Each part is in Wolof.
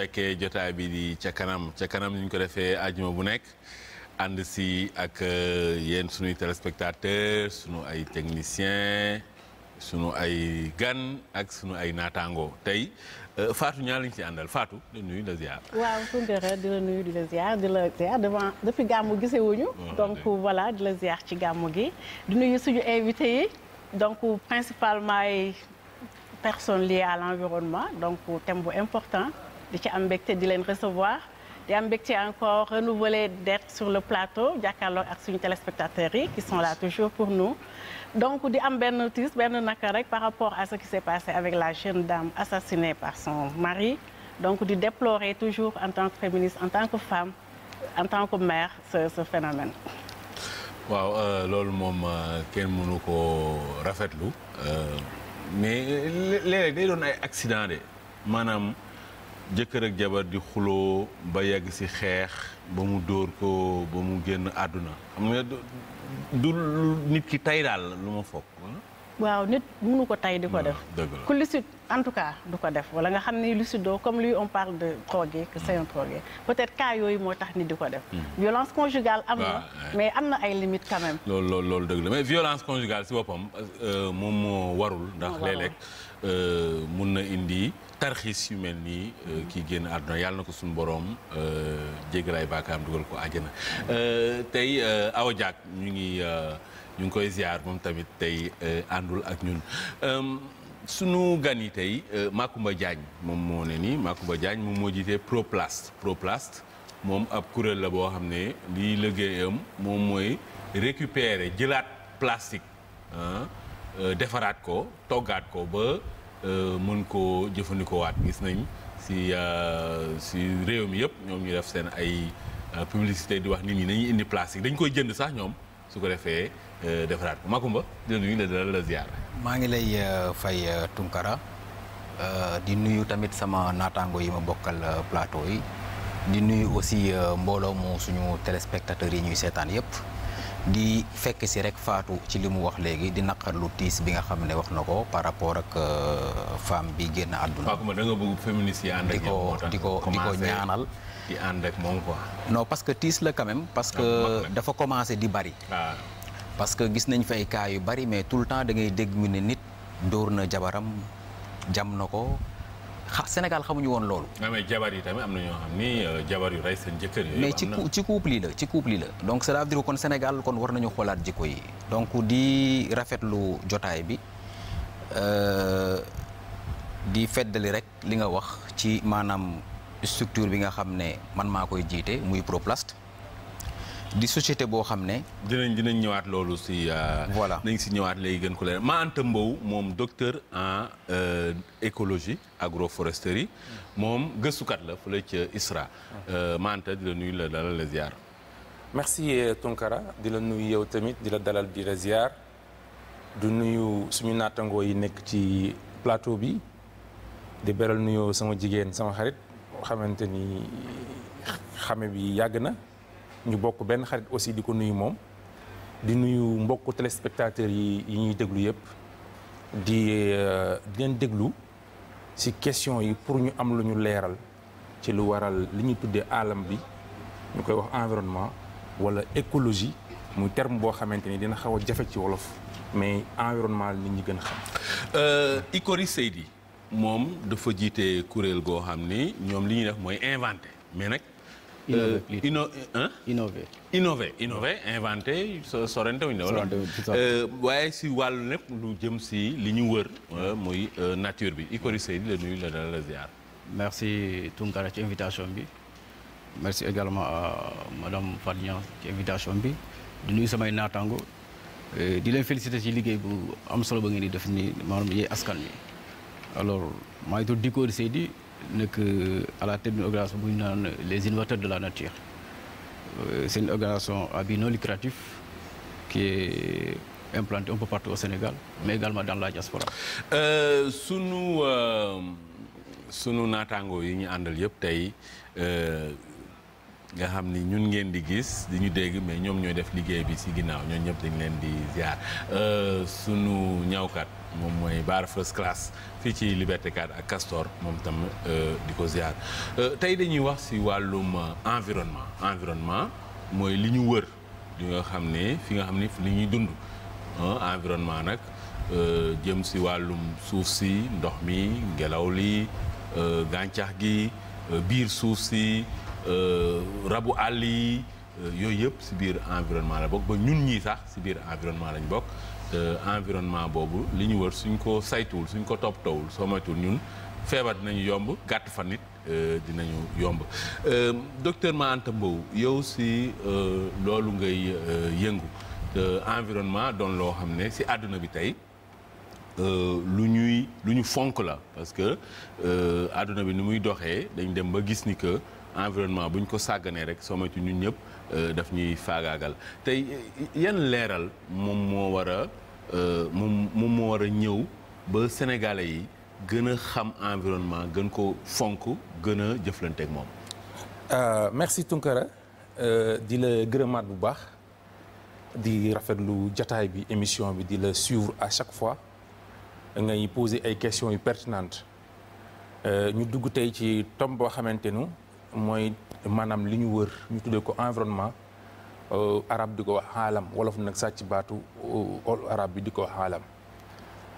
fekkee jotaay bi di ca kanam ca kanam ni ñu ko defee àjjuma bu nekk ànd si ak euh, yéen sunuy téléspectateurs sunu ay technicien sunu ay gan ak sunu ay naataango tey euh, Fatou ñaa lañ si àndal Fatou di nuyu la ziar. waaw la nuyu di gàmmu gisewuñu ah, donc voilà di la ziar ci gàmmu gi. di nuyu suñu invité yi donc principalement ay personnes liées à l'environnement donc thème bu important. di ci am mbégte di leen recevoir di am mbégte encore renouvelé d'être sur le plateau jàkkaarloo ak suñu téléspectateurs yi qui sont la toujours pour nous donc di am benn notice benn naka rek par rapport à ce qui s'est passé avec la jeune dame assassinée par son mari donc di déplorer toujours en tant que féministe en tant que femme en tant que mère ce ce phénomène. waaw euh, loolu moom euh, kenn mënu ko rafetlu euh, mais léeg accident de maanaam. jëkkër ak jabar di xuloo ba yegg ci xeex ba mu dóor ko ba mu génn àdduna xam nga du nit ki tey daal lu ma foog waaw nit mënu ko tay di ko def ku lucide en tout cas du ko def wala nga xam ne lucide doo comme lui on parle de drogué que c'est un drogué peut-être cas yooyu moo tax nit di ko def hmm. violence conjugale am na mais am na ay limites quand même loolu loolu loolu dëgg la mais violence conjugale si boppam euh, moom moo warul ndax léeg-léeg euh, mun na indi tarxiis yu mel nii euh, hmm. kii génn àdduna yàlla na ko suñu boroom jéggalaay baakaam dugal ko àjjana tey Awa Diack ñu ngi ñu ngi koy ziar moom tamit tey euh, àndul ak ñun euh, sunu gan yi tey euh, Macoumba Diagne moom moo ne nii Macoumba jaañ moom moo jiitee Proplast Proplast moom ab kuréel la boo xam ne lii liggéeyam moom mooy récupérer jëlaat plastique defaraat ko toggaat ko ba mën koo jëfandikoo waat gis nañ si si réew mi yëpp ñoom ñu def seen ay publicité di wax nit ñi nañuy indi plastique dañ koy jënd sax ñoom su ko defee Euh, defaraat ko Makumba di maa ngi lay euh, fay euh, Tunkara di nuyu tamit sama naataango yi ma bokkal plateau yi di nuyu aussi mbooloo mu suñu téléspectateurs yi ñuy seetaan yépp di fekk si rek faatu ci li mu wax léegi di lu tiis bi nga xam ne wax na ko par rapport ak femme bi génn àdduna. Fatou da nga bëgg féministe yi ànd ak di ko di ko ñaanal. di ànd ak moom quoi. non parce que tiis la quand parce ah, que dafa commencé di bari. Ah. parce que gis nañ fi yu bari mais tout le temps da ngay dégg mu ne nit dóor na jabaram jam na ko xa Sénégal xamuñu woon loolu. Ah, mais yi tamit am na ñoo xam ni euh, jabar yu rey seen jëkkër yooyu ci ci couple yi la ci couple yi la. donc cela veut dire kon Sénégal kon war nañu xoolaat jikko yi. donc di rafetlu jotaay bi euh, di feddali rek li nga wax ci maanaam structure bi nga xam ne man maa koy jiite muy Proplast. di société boo xam ne. dinañ dinañ ñëwaat loolu si. Euh, voilà dinañ si ñëwaat léegi gën ko leer Ma Anta Mbow moom docteur en euh, écologie agroforesterie moom gëstukat la fële ci ISRA. Euh, Ma Anta di la nuyu la dalal la ziar. merci Tunkara di la nuyu yow tamit di la dalal bi la ziar du nuyu suñu naatangoo yi nekk ci plateau bi di beral nuyoo sama jigéen sama xarit xamante ni xame bi yàgg na. ñu bokk benn xarit aussi di ko nuyu moom di nuyu mbokku téléspectateurs yi yi ñuy déglu yëpp di euh, di déglu ci question yi pour ñu am lu ñu leeral ci lu waral li ñu tuddee alam bi ñu koy wax environnement walla écologie muy terme boo xamante ni dina xaw a jafe ci wolof mais environnement li ñu gën xam. Euh, Ikori Seydi moom dafa jiite kuréel goo xam ni ñoom li ñuy def mooy inventé mais nag. innover euh, plutôt inno ah. innover innover innover inventé sorante wuñ la. waaye si wàllu lépp lu jëm si li ñu wër. Euh, muy euh, nature bi Ikori Seydi la nuyu la dalal la ziar. merci Tounkara ci invitation bi. merci également à madame Fadignan ci invitation bi. di nuyu samay naataango. di leen féliciter ci liggéey bu am solo ba ngeen di def nii maanaam yee askan wi. alors maa ngi tudd Ikori Seydi nekk euh, à la tête d'une bu ñu naan les innovateurs de la nature euh, c'est une organisation à but non lucratif qui est implantée un peu au Sénégal mais également dans la diaspora euh, sunu sunu naataangoo yi ñu àndal yëpp tey nga xam ni ñun ngeen di gis di ñu dégg mais ñoom ñooy def liggéey bi ci ginnaaw ñoo ñëpp dañ leen di ziar sunu ñawkat moom mooy baar first class fii ci Liberté 4 ak Castor moom tam euh, di ko ziar euh, tey dañuy wax si wàllum euh, environnement environnement mooy li ñu wër li nga xam ne fi nga xam ne li ñuy dund environnement nag jëm si wàllum suuf si ndox mi ngelaw li gàncax gi biir suuf si rabu àll yi yooyu yëpp si biir environnement la bokk ba ñun ñii sax si biir environnement lañ bokk Euh, environnement boobu li ñu wër suñ ko saytuwul suñ ko toppatoowul soo moytuwul ñun feebar dinañu yomb gàtt fa nit euh, dinañu yomb euh, docteur Ma Anta yow si loolu ngay yëngu environnement doon loo xam ne si àdduna bi tey lu ñuy lu ñu fonk la parce que àdduna bi ni muy doxee dañ dem ba gis ni que environnement bu ñu ko sàgganee rek soo moytu ñun ñëpp daf ñuy faagaagal tey yan leeral moom moo war a Euh, moom moom moo war a ñëw ba sénégalais yi gën a xam environnement gën ko fonk gën a jëflanteeg moom. Euh, merci Tunkara euh, di la gërëmaat bu baax di rafetlu jataay bi émission bi di la suivre à chaque fois ngay poser ay questions yu pertinentes ñu dugg tey ci tomb boo xamante nu mooy maanaam li ñu wër ñu tuddee ko environnement. Euh, arab di ko wax xaalam wolof nag sàcc baatu euh, arab bi di ko wax xaalam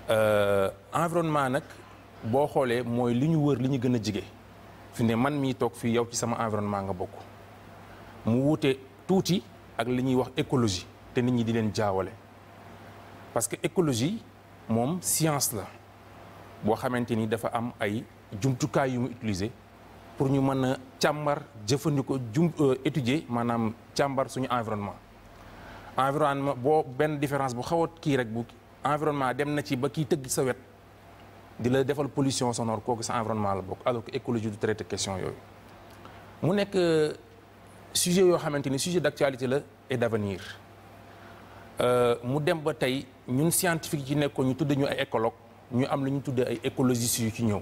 euh, environnement nag boo xoolee mooy li ñu wër li ñu gën a jige fi ne man mii toog fii yow ci sama environnement nga bokk mu wuute tuuti ak li ñuy wax écologie te nit ñi di leen jaawale parce que écologie moom science la boo xamante ni dafa am ay jumtukaay yu mu utiliser pour ñu mën a càmbar jëfandikoo jum euh, étudier maanaam càmbar suñu environnement environnement boo benn différence bu xaw a kii rek bu environnement dem na ci ba kiy tëgg sa wet di la defal pollution sonore kooku sa environnement la bokk alors que écologie du traité question yooyu mu nekk euh, sujet yoo xamante ni sujet d'actualité la et d'avenir euh, mu dem ba tey ñun scientifique yi nekkoon ñu tudd ñu ay écologue ñu am lu ñu tuddee ay écologistes yu ci ñëw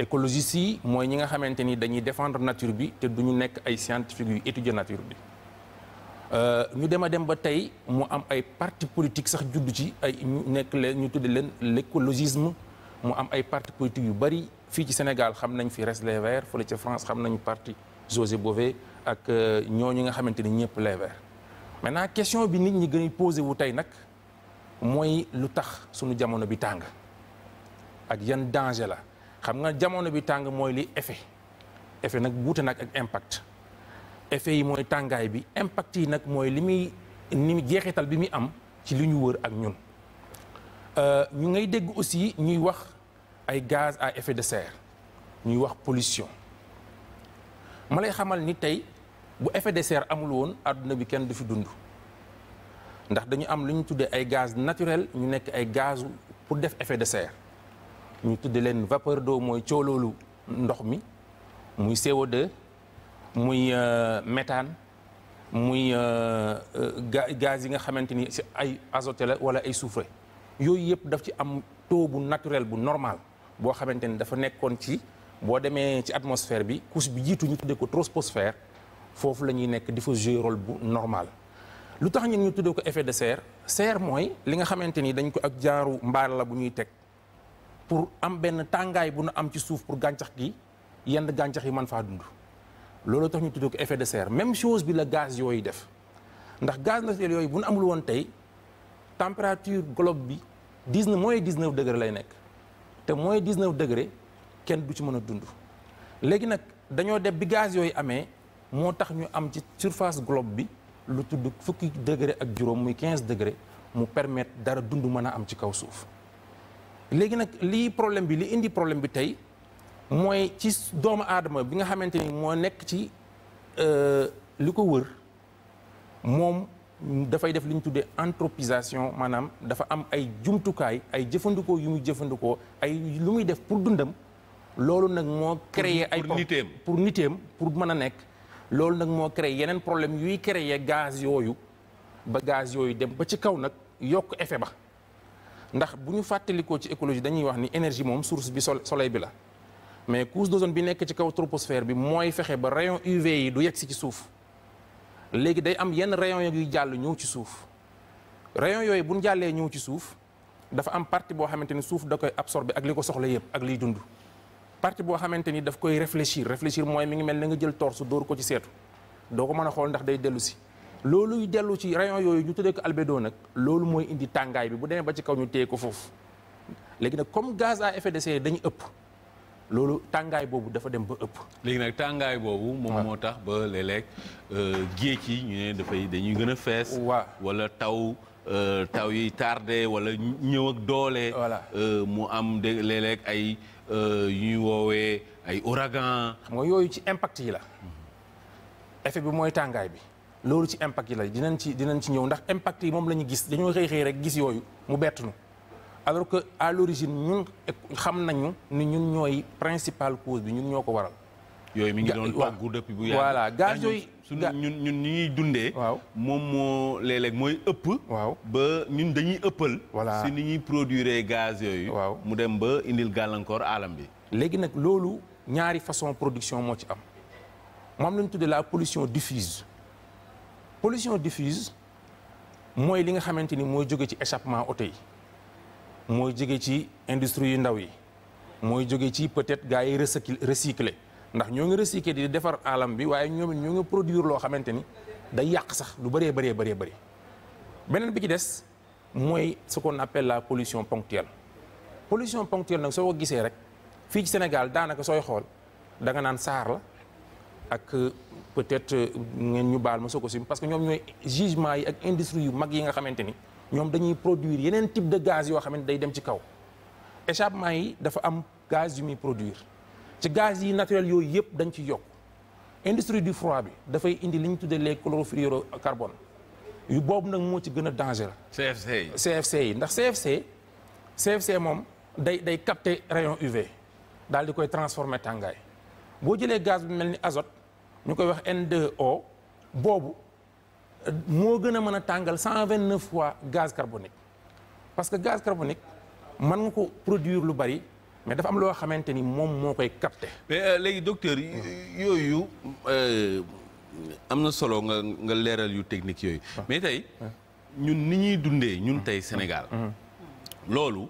écologistes yi mooy ñi nga xamante ni dañuy defendre nature bi te du ñu nekk ay scientifique yu étudier nature bi euh, ñu dem a dem ba tey mu am ay parti politique sax judd ci ay ñu nekk leen ñu tudde leen l'écologisme mu am ay parti politique yu bari fii ci Sénégal xam nañ fi Res les Verts fële France xam nañu parti José Bové ak euh, ñoo ñi nga xamante ni ñëpp les Verts maintenant question bi nit ñi gën a posé wu tey nag mooy lu tax suñu jamono bi tàng ak yan danger la xam nga jamono bi tàng mooy li effet effet nag wuute nag ak impact effet yi mooy tàngaay bi impact yi nag mooy li muy ni mu jeexital bi muy am ci li ñu wër ak ñun euh, ñu ngay dégg aussi ñuy wax ay gaz à effet de serre ñuy wax pollution ma lay xamal ni tey bu effet de serre amul woon àdduna bi kenn du fi dund ndax dañu am lu ñu tuddee ay gaz naturel ñu nekk ay gazu pour def effet de serre ñu tudde leen vapeur d'eau mooy cooloolu ndox mi muy CO2 muy euh, méthane muy euh, euh, gaz yi nga xamante ni ay azote la wala ay soufre yooyu yëpp daf ci am taux bu naturel bu normal boo xamante ni dafa nekkoon ci boo demee ci atmosphère bi couche bi jiitu ñu tuddee ko troposphère foofu la ñuy nekk di fa bu normal lu tax ñun ñu tuddee ko effet de serre serre mooy li nga xamante ni dañ ko ak jaaru mbaar la bu ñuy teg pour am benn tàngaay bu nu am ci suuf pour gàncax gi yenn gàncax yi mën faa dund loolu tax ñu tudd ko effet de serre même chose bi la gaz yooyu def ndax gaz naturel yooyu bu nu amul woon tey température globe bi dix neuf moins dix neuf degré lay nekk te moins dix neuf degré kenn du ci mën a dund léegi nag dañoo def bi gaz yooyu amee moo tax ñu am ci surface globe bi lu tudd fukki degré ak juróom muy quinze degré mu permettre dara dund mën a am ci kaw suuf léegi nag lii problème bi li indi problème bi tey mooy ci doomu aadama bi nga xamante ni moo nekk ci euh, li ko wër moom dafay def lu ñu tuddee anthropisation maanaam dafa am ay jumtukaay ay jëfandikoo yu muy jëfandikoo ay lu muy def pour dundam loolu nag moo créer ay niteem pour niteem pour mën a nekk loolu nag moo créer yeneen problème yuy créer gaz yooyu ba gaz yooyu dem ba ci kaw nag yokk effet ba ndax bu ñu fàttalikoo ci écologie dañuy wax ni énergie moom source bi soleil bi la mais couche d'ozone bi nekk ci kaw troposphère bi mooy fexe ba rayon UV yi du yegg si ci suuf léegi day am yenn rayon yuy jàll ñëw ci suuf rayon yooyu bu ñu jàllee ñëw ci suuf dafa am partie boo xamante ni suuf da koy absorber ak li ko soxla yëpp ak liy dund partie boo xamante ni daf koy réfléchir réfléchir mooy mi ngi mel na nga jël torsu dóor ko ci seetu doo ko mën a xool ndax day dellu si looluy dellu ci rayon yooyu ñu tuddee ko albédo nag loolu mooy indi tàngaay bi bu demee ba ci kaw ñu téye ko foofu léegi nag comme gaz à effet de serre dañu ëpp loolu tàngaay boobu dafa dem ba ëpp. léegi nag tàngaay boobu. moom moo tax ba léeg-léeg euh, géej yi ñu ne dafay dañuy gën a fees. waaw wala taw. Euh, taw yi tardé wala ñëw ak doole. Euh, mu am de léeg-léeg ay ñuy woowe ay ouragan. xam nga yooyu ci impact yi la. effet bi mooy tàngaay bi. loolu ci impact yi la dinañ ci dinañ ci ñëw ndax impact yi moom la ñu gis dañoo xëy xëy rek gis yooyu mu bett nu alors que à l'origine ñun xam nañu ni ñun ñooy principal cause bi ñun ñoo ko waral. yooyu mi ngi doon togg depuis bu yàgg. voilà gaz yooyu suñu ñun ñun ni ñuy dundee. waaw moom moo léeg mooy ëpp. waaw ba ñun dañuy ëppal. voilà si ni ñuy produire gaz yooyu. waaw mu dem ba indil gàllankoor alam bi. léegi nag loolu ñaari façon production moo ci am moom la ñu tuddee la pollution diffuse. pollution diffuse mooy li nga xamante ni mooy jóge ci échappement oto yi mooy jóge ci industrie yu ndaw yi mooy jóge ci peut-être gars yi recycler ndax ñoo ngi recycler di defar alam bi waaye ñoom ñoo ngi produire loo xamante ni day yàq sax lu bëree bëree bëree bëri beneen bi ci des mooy ce qu'on appelle la pollution ponctuelle pollution ponctuelle nag soo ko gisee rek fii ci Sénégal daanaka sooy xool da nga naan saar la peut-être euh, ngeen ñu baal ma Sococim parce que ñoom ñooy jugement yi ak industrie yu mag yi nga xamante ni ñoom dañuy produire yeneen type de gaz yoo xamante day dem ci kaw échappement yi dafa am gaz yu muy produire ci gaz yi naturel yooyu yëpp dañ ci yokk industrie du froid bi dafay indi li ñu tuddee les carbon yu boobu nag moo ci gën a dangereux. CFC yi yi ndax CFC CFC moom day day capter rayon UV daal di koy transformer tàngaay boo jëlee gaz ñu koy wax n boobu euh, moo gën a mën a tàngal cent vingt neuf fois gaz carbonique parce que gaz carbonique man nga ko produire lu bari mais dafa am loo xamante ni moom moo koy capté. mais euh, léegi docteur yooyu euh, am na solo nga nga leeral yu technique yooyu. Ah. mais tey ah. ñun ni ñuy dundee ñun ah. tey Sénégal. loolu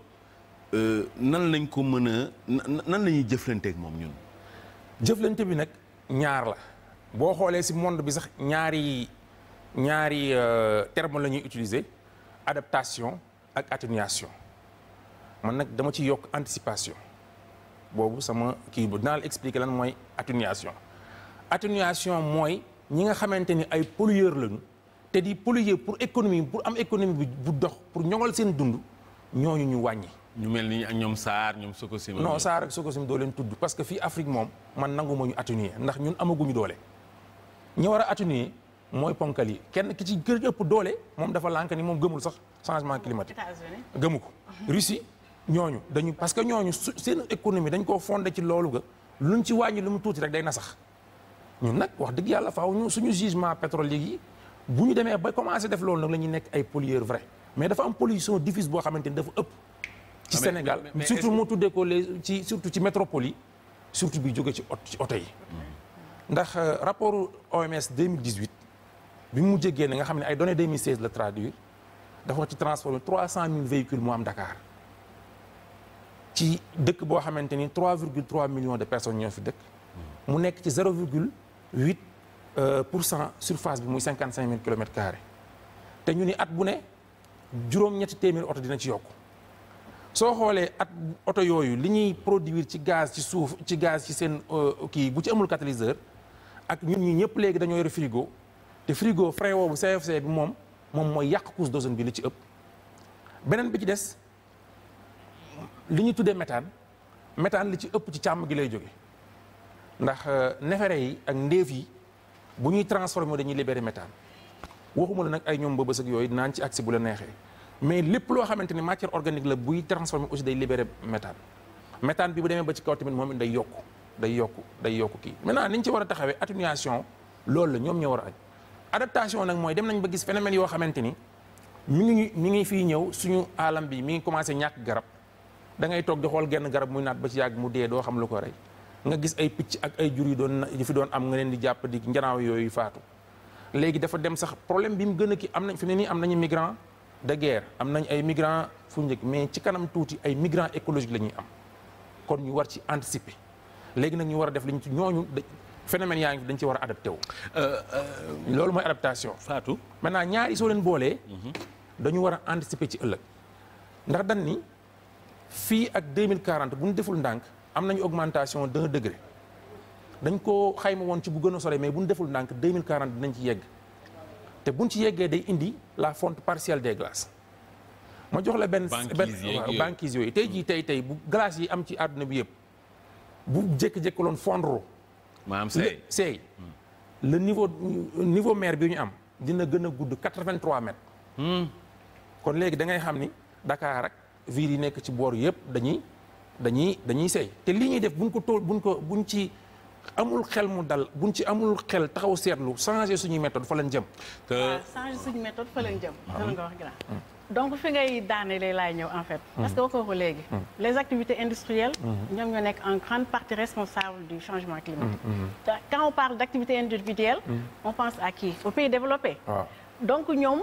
nan lañ ko mën a nan lañuy ñuy moom ñun. jëflante bi nag ñaar la. boo xoolee si monde bi sax ñaari ñaari euh, terme la ñuy utiliser adaptation ak atténuation man nag dama ci yokk anticipation boobu sama kii bu dinaa la lan mooy atténuation atténuation mooy ñi nga xamante ni ay pollueur lañu te di polluer pour économie pour am économie bu dox pour ñoŋal seen dund ñooñu ñu wàññi. ñu mel ni ak ñoom Saar ñoom Sococim. non Saar ak Sococim doo leen tudd parce que fii Afrique moom man nangu ma ñu atténuer ndax ñun amaguñu doole. ñi war a atténuer mooy ponkal yi kenn ki ci gën ëpp doole moom dafa lànk ni moom gëmul sax changement climatique. gëmu ko. Russie ñooñu dañu parce que ñooñu su seen économie dañ koo fondé ci loolu ga luñ ci wàññi lu mu tuuti rek day na sax ñun nag wax dëgg yàlla faaw ñu suñu jugement pétrole yi bu ñu demee ba commencé def loolu nag la ñuy nekk ay pollueurs vrai mais dafa am pollution diffuse boo xamante ni dafa ëpp. ci ah, Sénégal surtout moo tuddee ko les ci surtout ci métropole yi surtout bi jóge ci ot ci oto yi. Hmm. ndax euh, rapport OMS 2018 bi mu jegee génne nga xam ne ay données 2016 la traduire dafa ci transformé 300000 véhicules mu am Dakar ci dëkk boo xamante ni 3,3 millions de personnes ñoo fi dëkk. mu nekk ci 0,8 euh, pour cent surface bi muy 55000 kilomètres carrés te ñu ni at bu ne juróom-ñetti téeméer oto dina ci yokk soo xoolee at oto yooyu li ñuy produire ci gaz ci suuf ci gaz ci seen euh, kii bu ci amul catalyseur. ak ñun ñi ñëpp léegi dañoo yor frigo te frigo frais woowu CFC bi moom moom mooy yàq couche d'ozone bi li ci ëpp beneen bi ci des li ñu tuddee méthane méthane li ci ëpp ci càmm gi lay jóge ndax euh, neefere yi ak ndéef yi bu ñuy transformé dañuy libéré méthane waxuma la nag ay ñoom bëbës ak yooyu naan ci agsi bu la neexee mais lépp loo xamante ni matière organique la buy transformé aussi day libéré méthane méthane bi bu demee ba ci kaw tamit moom it day yokku day yokk day yokku kii maintenant ni ñu ci war a taxawee atténuation loolu la ñoom ñoo war a aj adaptation nag mooy dem nañ ba gis phénomène yoo xamante ni mi ngi mi ngi fii ñëw suñu alam bi mi ngi commencé ñàkk garab da ngay toog di xool genn garab muy naat ba ci yàgg mu dee doo xam lu ko rey nga gis ay picc ak ay jur yu doon yu fi doon am nga leen di jàpp di njanaaw yooyu faatu léegi dafa dem sax problème bi mu gën a kii am nañ fi ne nii am nañu migrant de guerre am nañ ay migrant fu njëkk mais ci kanam tuuti ay migrant écologique la ñuy am kon ñu war ci anticiper léegi nag ñu war a def li ci ñooñu phénomène yaa ngi dañ ci war a adapté wu. Euh, euh, loolu mooy adaptation. Fatou maintenant ñaari soo leen boolee. Mhm. dañu war a anticiper ci ëllëg. ndax dañ ni fii ak 2040 bu ñu deful ndànk am nañu augmentation d'un degré dañ koo xayma woon ci bu gën a sore mais bu ñu deful ndànk 2040 dinañ ci yegg te buñ ci yeggee day indi la fonte partielle des glaces. ma jox la benn banquise yooyu banquise yooyu tey jii tey tey bu glace yi am ci àdduna bi yëpp. bu jëkk jékki loon fondre. maanaam seey seey. le niveau niveau mer bi ñu am dina gën a gudd quatre-vingt-trois mètres. Hmm. kon léegi da ngay xam ni Dakar ak ville yi nekk ci boor yëpp dañuy dañuy dañuy seey te lii ñuy def buñ ko tool bu buñ ko buñ ci. amul xel mu dal buñ ci amul xel taxaw seetlu changer suñuy méthode fa leen jëm. te ah, changer suñu méthode fa leen jëm. donc fi ngay daanelee laay ñëw en fait. parce que mm. waxoo ko léegi. Mm. les activités industrielles. Mm-hmm. ñoom ñoo nekk en grande partie responsable du changement climatique. Mm-hmm. quand on parle d' activité individuelle. Mm. on pense à qui aux pays développés. Ah. donc ñoom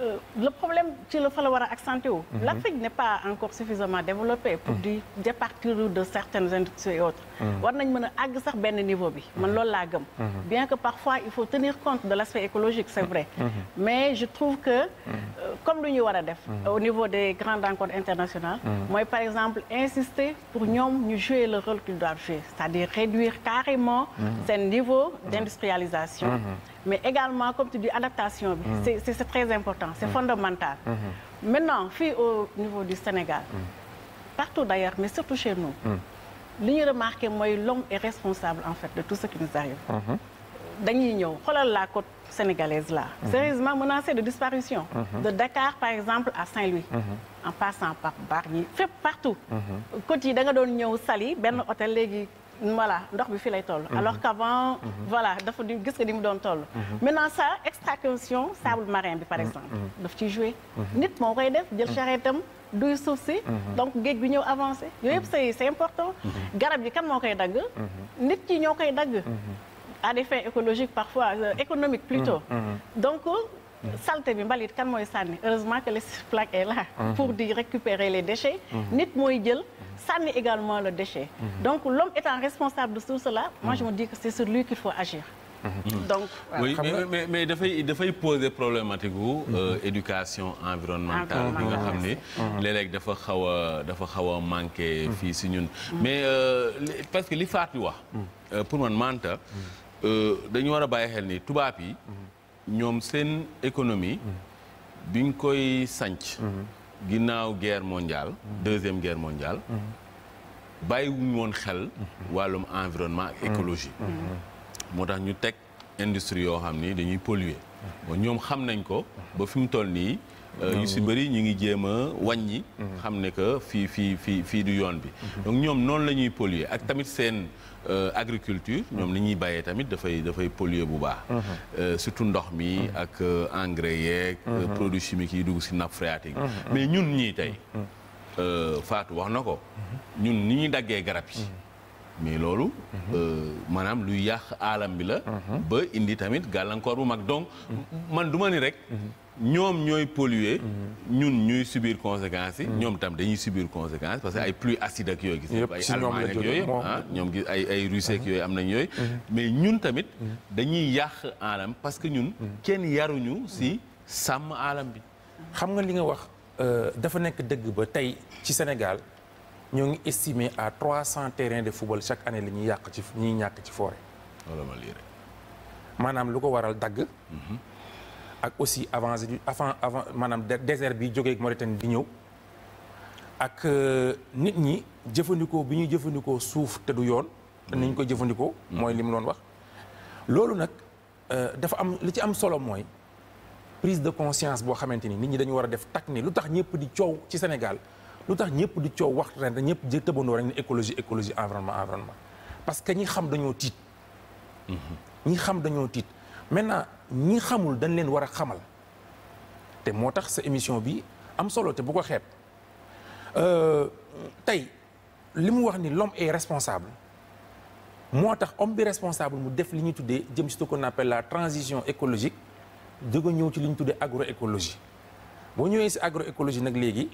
euh, le problème ci la fa la war a accentuer wu. Mm-hmm. l' Afrique n' est pas encore suffisamment développée. pour di départir de certaines industries et autres. Mm. war nañ mën a àgg sax benn niveau bi man mm-hmm. loolu laa gëm mm-hmm. bien que parfois il faut tenir compte de l'aspect écologique c'est vrai mm-hmm. mais je trouve que euh, comme lu ñuy war a def au niveau des grandes encore internationales mooy par exemple insister pour ñoom ñu jouer le rôle qu'ils doivent jouer c'est-à-dire réduire carrément seen niveau d'industrialisation mais également comme tu dis adaptation bi c'est c'est très important c'est fondamental maintenant fii au niveau du Sénégal partout d'ailleurs mais surtout chez mm. li ñu remarqué mooy l'homme est responsable en fait de tout ce qui nous arrive. Mhm. dañuy ñëw xoolal la côte sénégalaise la mhm. sérieusement menacée de disparition. Mhm. de Dakar par exemple à Saint-Louis. en passant par Bargny fépp partout. côte yi da nga doon ñëw sali benn hôtel léegi. voilà ndox bi fii lay toll. Mhm. alors qu'avant. Mhm. voilà dafa di gis nga ni mu doon toll. sa mhm. ça extraction sable marin bi par exemple. daf ci jouer nit moo koy def jël charrette am duy suuf si. donc géej bi ñëw avancé yooyu yëpp c'est c'est important. garab yi kan moo koy dagg. nit ñi ñoo koy dagg. à des fins écologiques parfois euh, économiques plutôt. donc saleté bi mbalit kan mooy sànni heureusement que les plaques est là mhm. pour di récupérer les déchets mhm. nit mooy jël sànni également la déchet mhm. donc l'homme étant responsable de tout cela moi je me dis que c'est sur lui qu'il faut agir donc oui mais mais dafay dafay poser problématique wu euh, éducation environnementale bi nga xam ni léeg dafa xaw dafa xaw a manqué fii si ñun mais euh, parce que li Fatou wax euh, pour man manta dañu war a bàyyi xel ni tubaab yi ñoom seen économie. Mm-hmm. biñ koy sanc mm-hmm. ginnaaw guerre mondiale. Mm-hmm. deuxième guerre mondiale. bàyyiwuñu woon xel. wàllum environnement ak écologie. moo tax ñu teg industrie yoo xam ni dañuy polluer. ñoom xam nañ ko ba fi mu toll nii. Euh, yu si bëri ñu ngi jéem a wàññi. xam ne que fii fii fii fii du yoon bi. donc ñoom noonu la ñuy polluer ak tamit seen. Euh, agriculture ñoom li ñuy bàyyee tamit dafay dafay polluer bu baax euh, surtout ndox mi ak euh, engrais yeeg produits chimiques yi dugg si nappe phréatique bi mais ñun ñii tey faatu wax na ko ñun ni ñuy daggee garab yi mais loolu maanaam luy yàq aalam bi la ba indi tamit gàllankoor bu mag donc man duma ni rek ñoom ñooy polluer mhm. ñun ñuy subir conséquences yi mhm. ñoom tam dañuy subiir conséquence parce que ay pluie acide ak gis ay Allemagne ak yooyu ah ñoom gis ay ay Russie ak mhm. am nañ yooyu mais ñun tamit dañuy yàq alam parce que ñun kenn yaruñu si sàmm alam bi xam nga li nga wax euh, dafa nekk dëgg ba tey ci Sénégal ñoo ngi estimé à trois cent terrain de football chaque année la ñuy yàq ci ñuy ñàkk ci forêt maanaam lu ko waral dagg ak aussi avancé avant avant maanaam désert bi jógee Mauritanie di ñëw ak euh, nit ñi jëfandikoo bi ñuy jëfandikoo suuf te du yoon. te nañ ko jëfandikoo. Mm. mooy li mu doon wax. loolu nag euh, dafa am li ci am solo mooy prise de conscience boo xamante ni nit ñi dañu war a def takk ni lu tax ñëpp di coow ci Sénégal lu tax ñëpp di coow wax ren ñëpp jë tëbandoo rek ni écologie écologie environnement environnement parce que ñi xam dañoo tiit. Mm-hmm. ñi xam dañoo tiit maintenant. ñi xamul dañ leen war a xamal te moo tax sa émission bi am solo te bu ko xeeb euh, tey li mu wax ni l'homme est responsable moo tax om bi responsable mu def li ñuy tuddee jëm si ce ko appelle la transition écologique jóg a ñëw ci li ñu tuddee agro écologie boo ñëwee si agro agroécologie nag léegi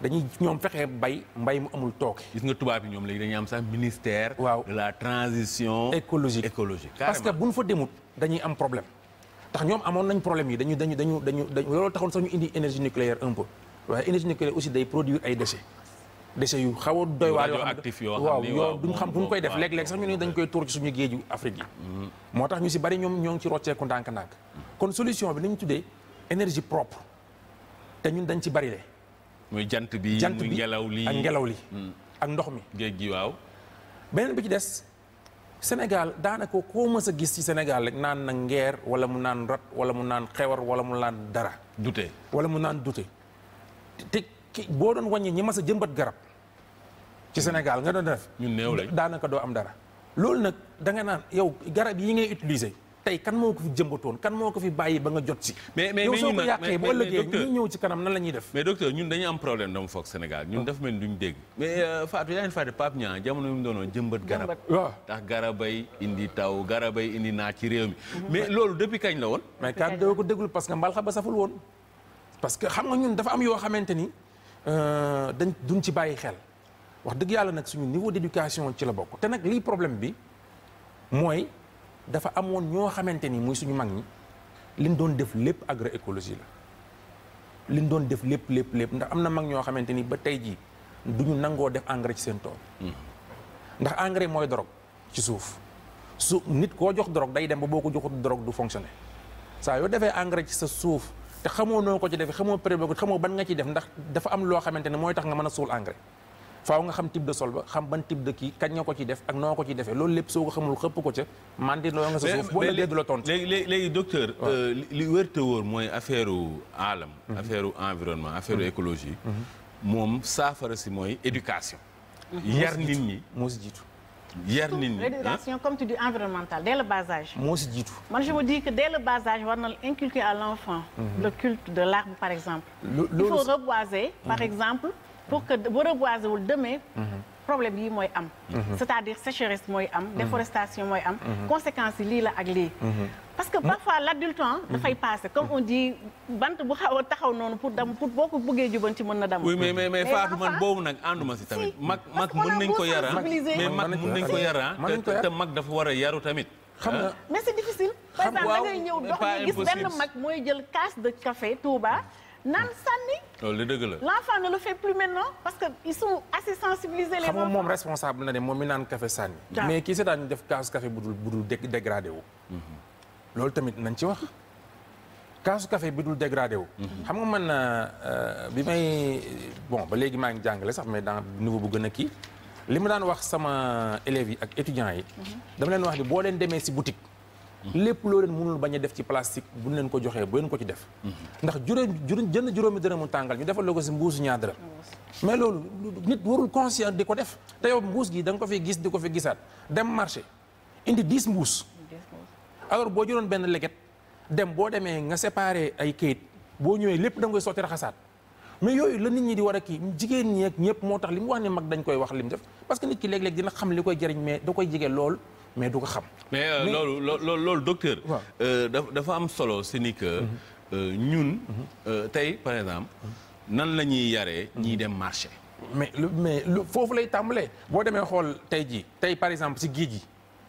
dañuy ñoom fexe bay mbay mu amul tooke. gis nga tubaab yi ñoom léegi dañuy am sax ministère. waaw de la transition écologique écologique. parce que bu ñu fa demut dañuy am problème. tax ñoom amoon nañ problème yi dañu dañu dañu dañu dañu loolu taxoon sax ñu indi énergie nucléaire un peu waaye énergie nucléaire aussi day produire ay déchets déchets yu xaw a doy waar yoo waaw yoo duñ xam fu ñu koy def léeg-léeg sax ñu ne dañ koy tuur ci suñu géeju Afrique yi mm-hmm. moo tax ñu si bari ñoom ñoo ngi ci rocceeku ndànk-ndànk kon solution bi ni ñu tuddee énergie propre te ñun dañ ci bari le muy jant bi jant bi ngelaw li ak ngelaw li mm. ak ndox mi géej gi waaw beneen bi ci des Sénégal daanaka ko mës a gis ci Sénégal rek naan na ngeer wala mu naan rat wala mu naan xewar wala mu naan dara. dute wala mu naan dute. te ki boo doon wàññi ñi mës a jëmbat garab ci Sénégal nga doon def. ñun néew lañ daanaka doo am dara. loolu nag da nga naan yow garab yi ngay utiliser. tey kan moo ko fi jëmbatoon kan moo ko fi bàyyi ba nga jot si mais mais yow soo ko yàqee boo ëllëgee ñi ñëw ci kanam nan la ñuy def mais docteur ñun dañu am problème dama foog Sénégal ñun daf mel duñ dégg mais euh, Fatou yaa ngi fàtte Pape Niang jamono mu doonoon jëmbat garab waaw ndax garabay indi taw garabay indi naaj ci réew mi mais loolu depuis kañ la woon mais kan doo ko déglu parce que mbalxa ba saful woon parce que xam nga ñun dafa am yoo xamante ni euh, dañ duñ ci bàyyi xel wax dëgg yàlla nag suñu niveau d'éducation ci la bokk te nag lii problème bi mooy dafa amoon ñoo xamante ni muy suñu mag ñi liñ doon def lépp écologie la li liñ doon def lépp lépp lépp ndax am na mag ñoo xamante ni ba tey jii du ñu nangoo def engrais ci seen tool hmm. ndax engrais mooy drogue ci suuf su nit koo jox drogue day dem ba boo ko joxut drogue du fonctionner saa yoo defee engrais ci sa suuf te xamoo noo ko ci defee xamoo période xamoo ban nga ci def ndax dafa am loo xamante ne mooy tax nga mën a suul engrais faaw nga xam type de sol ba xam ban type de kii kañ nga ko ci def ak noo ko ci defee loolu lépp soo ko xamul xëpp ko ca mandi loo nga sa suuf la tontu léegi léegi docteur euh, li wér mooy affaire u aalam mhm. affaire u environnement affaire mhm. écologie mhm. moom saafara si mooy éducation yar nit ñi moo si jiitu yar nit ñi l'éducation ah. comme tu dis environnementale dès moo si jiitu man je me dis que dès le bas âge war na inculquer à l'enfant le culte de l'arbre par exemple il faut reboiser par exemple pour que bu reboiser wul demee. Mhm. problème yi mooy am. Mhm. c'est-à-dire sécheresse mooy am. Mhm. déforestation mooy am. conséquences yi lii la ak lii. parce que parfois l'adulte dafay passé comme on dit bant bu xaw a taxaw noonu pour dam pour boo ko buggee bëggee jubanti mën na dam oui mais mais mais Fatou man boobu nag ànduma si tamit. mag mag mën nañ ko yara mais mag mën nañ ko yara te mag dafa war a yaru tamit. xam nga mais c'est difficile. par exemple da ngay ñëw dox ñu gis benn mag mooy jël casse de café Touba. naan sànni. loolu dëgg la. l'enfant ne xam nga moom responsable na de moom mi naan kafe sànni. mais kii seetaan ñu def kaasu kafe bu dul bu dul dégradé wu. Mhm. loolu tamit nañ ci wax kaasu kafe bu dul dégradé wu. Mhm. xam nga man euh, euh, bi may bon ba léegi maa ngi jàngale sax mais dans niveau bu gën a kii li ma daan wax sama élèves yi ak étudiants yi. Mhm. dama leen wax ni boo leen demee si boutique. lépp loo leen mënul bañ def ci plastique bu leen ko joxee bu leen ko ci def ndax juróom juróom jënd juróomi dërëm mu tàngal ñu defal la ko si mbuusu ñaar dërëm mais loolu nit warul conscient di ko def te yow mbuus gi danga ko fi gis di ko fi gisaat dem marché indi diis mbuus alors boo jëloon benn leget dem boo demee nga séparé ay kayit boo ñëwee lépp da nga koy sotti raxasaat mais yooyu la nit ñi di war a kii jigéen ñi ak ñëpp moo tax li mu wax ne mag dañ koy wax li mu def parce que nit ki léeg-léeg dina xam li koy jëriñ mais da koy jige lool mais du ko xam. mais euh, loolu loolu loolu docteur. Euh, dafa am solo si ni que. Euh, ñun. tey par exemple. nan la ñuy yaree. ñiy dem marché. mais lu mais lu foofu lay tàmbalee. boo demee xool tey jii tey par exemple si géej yi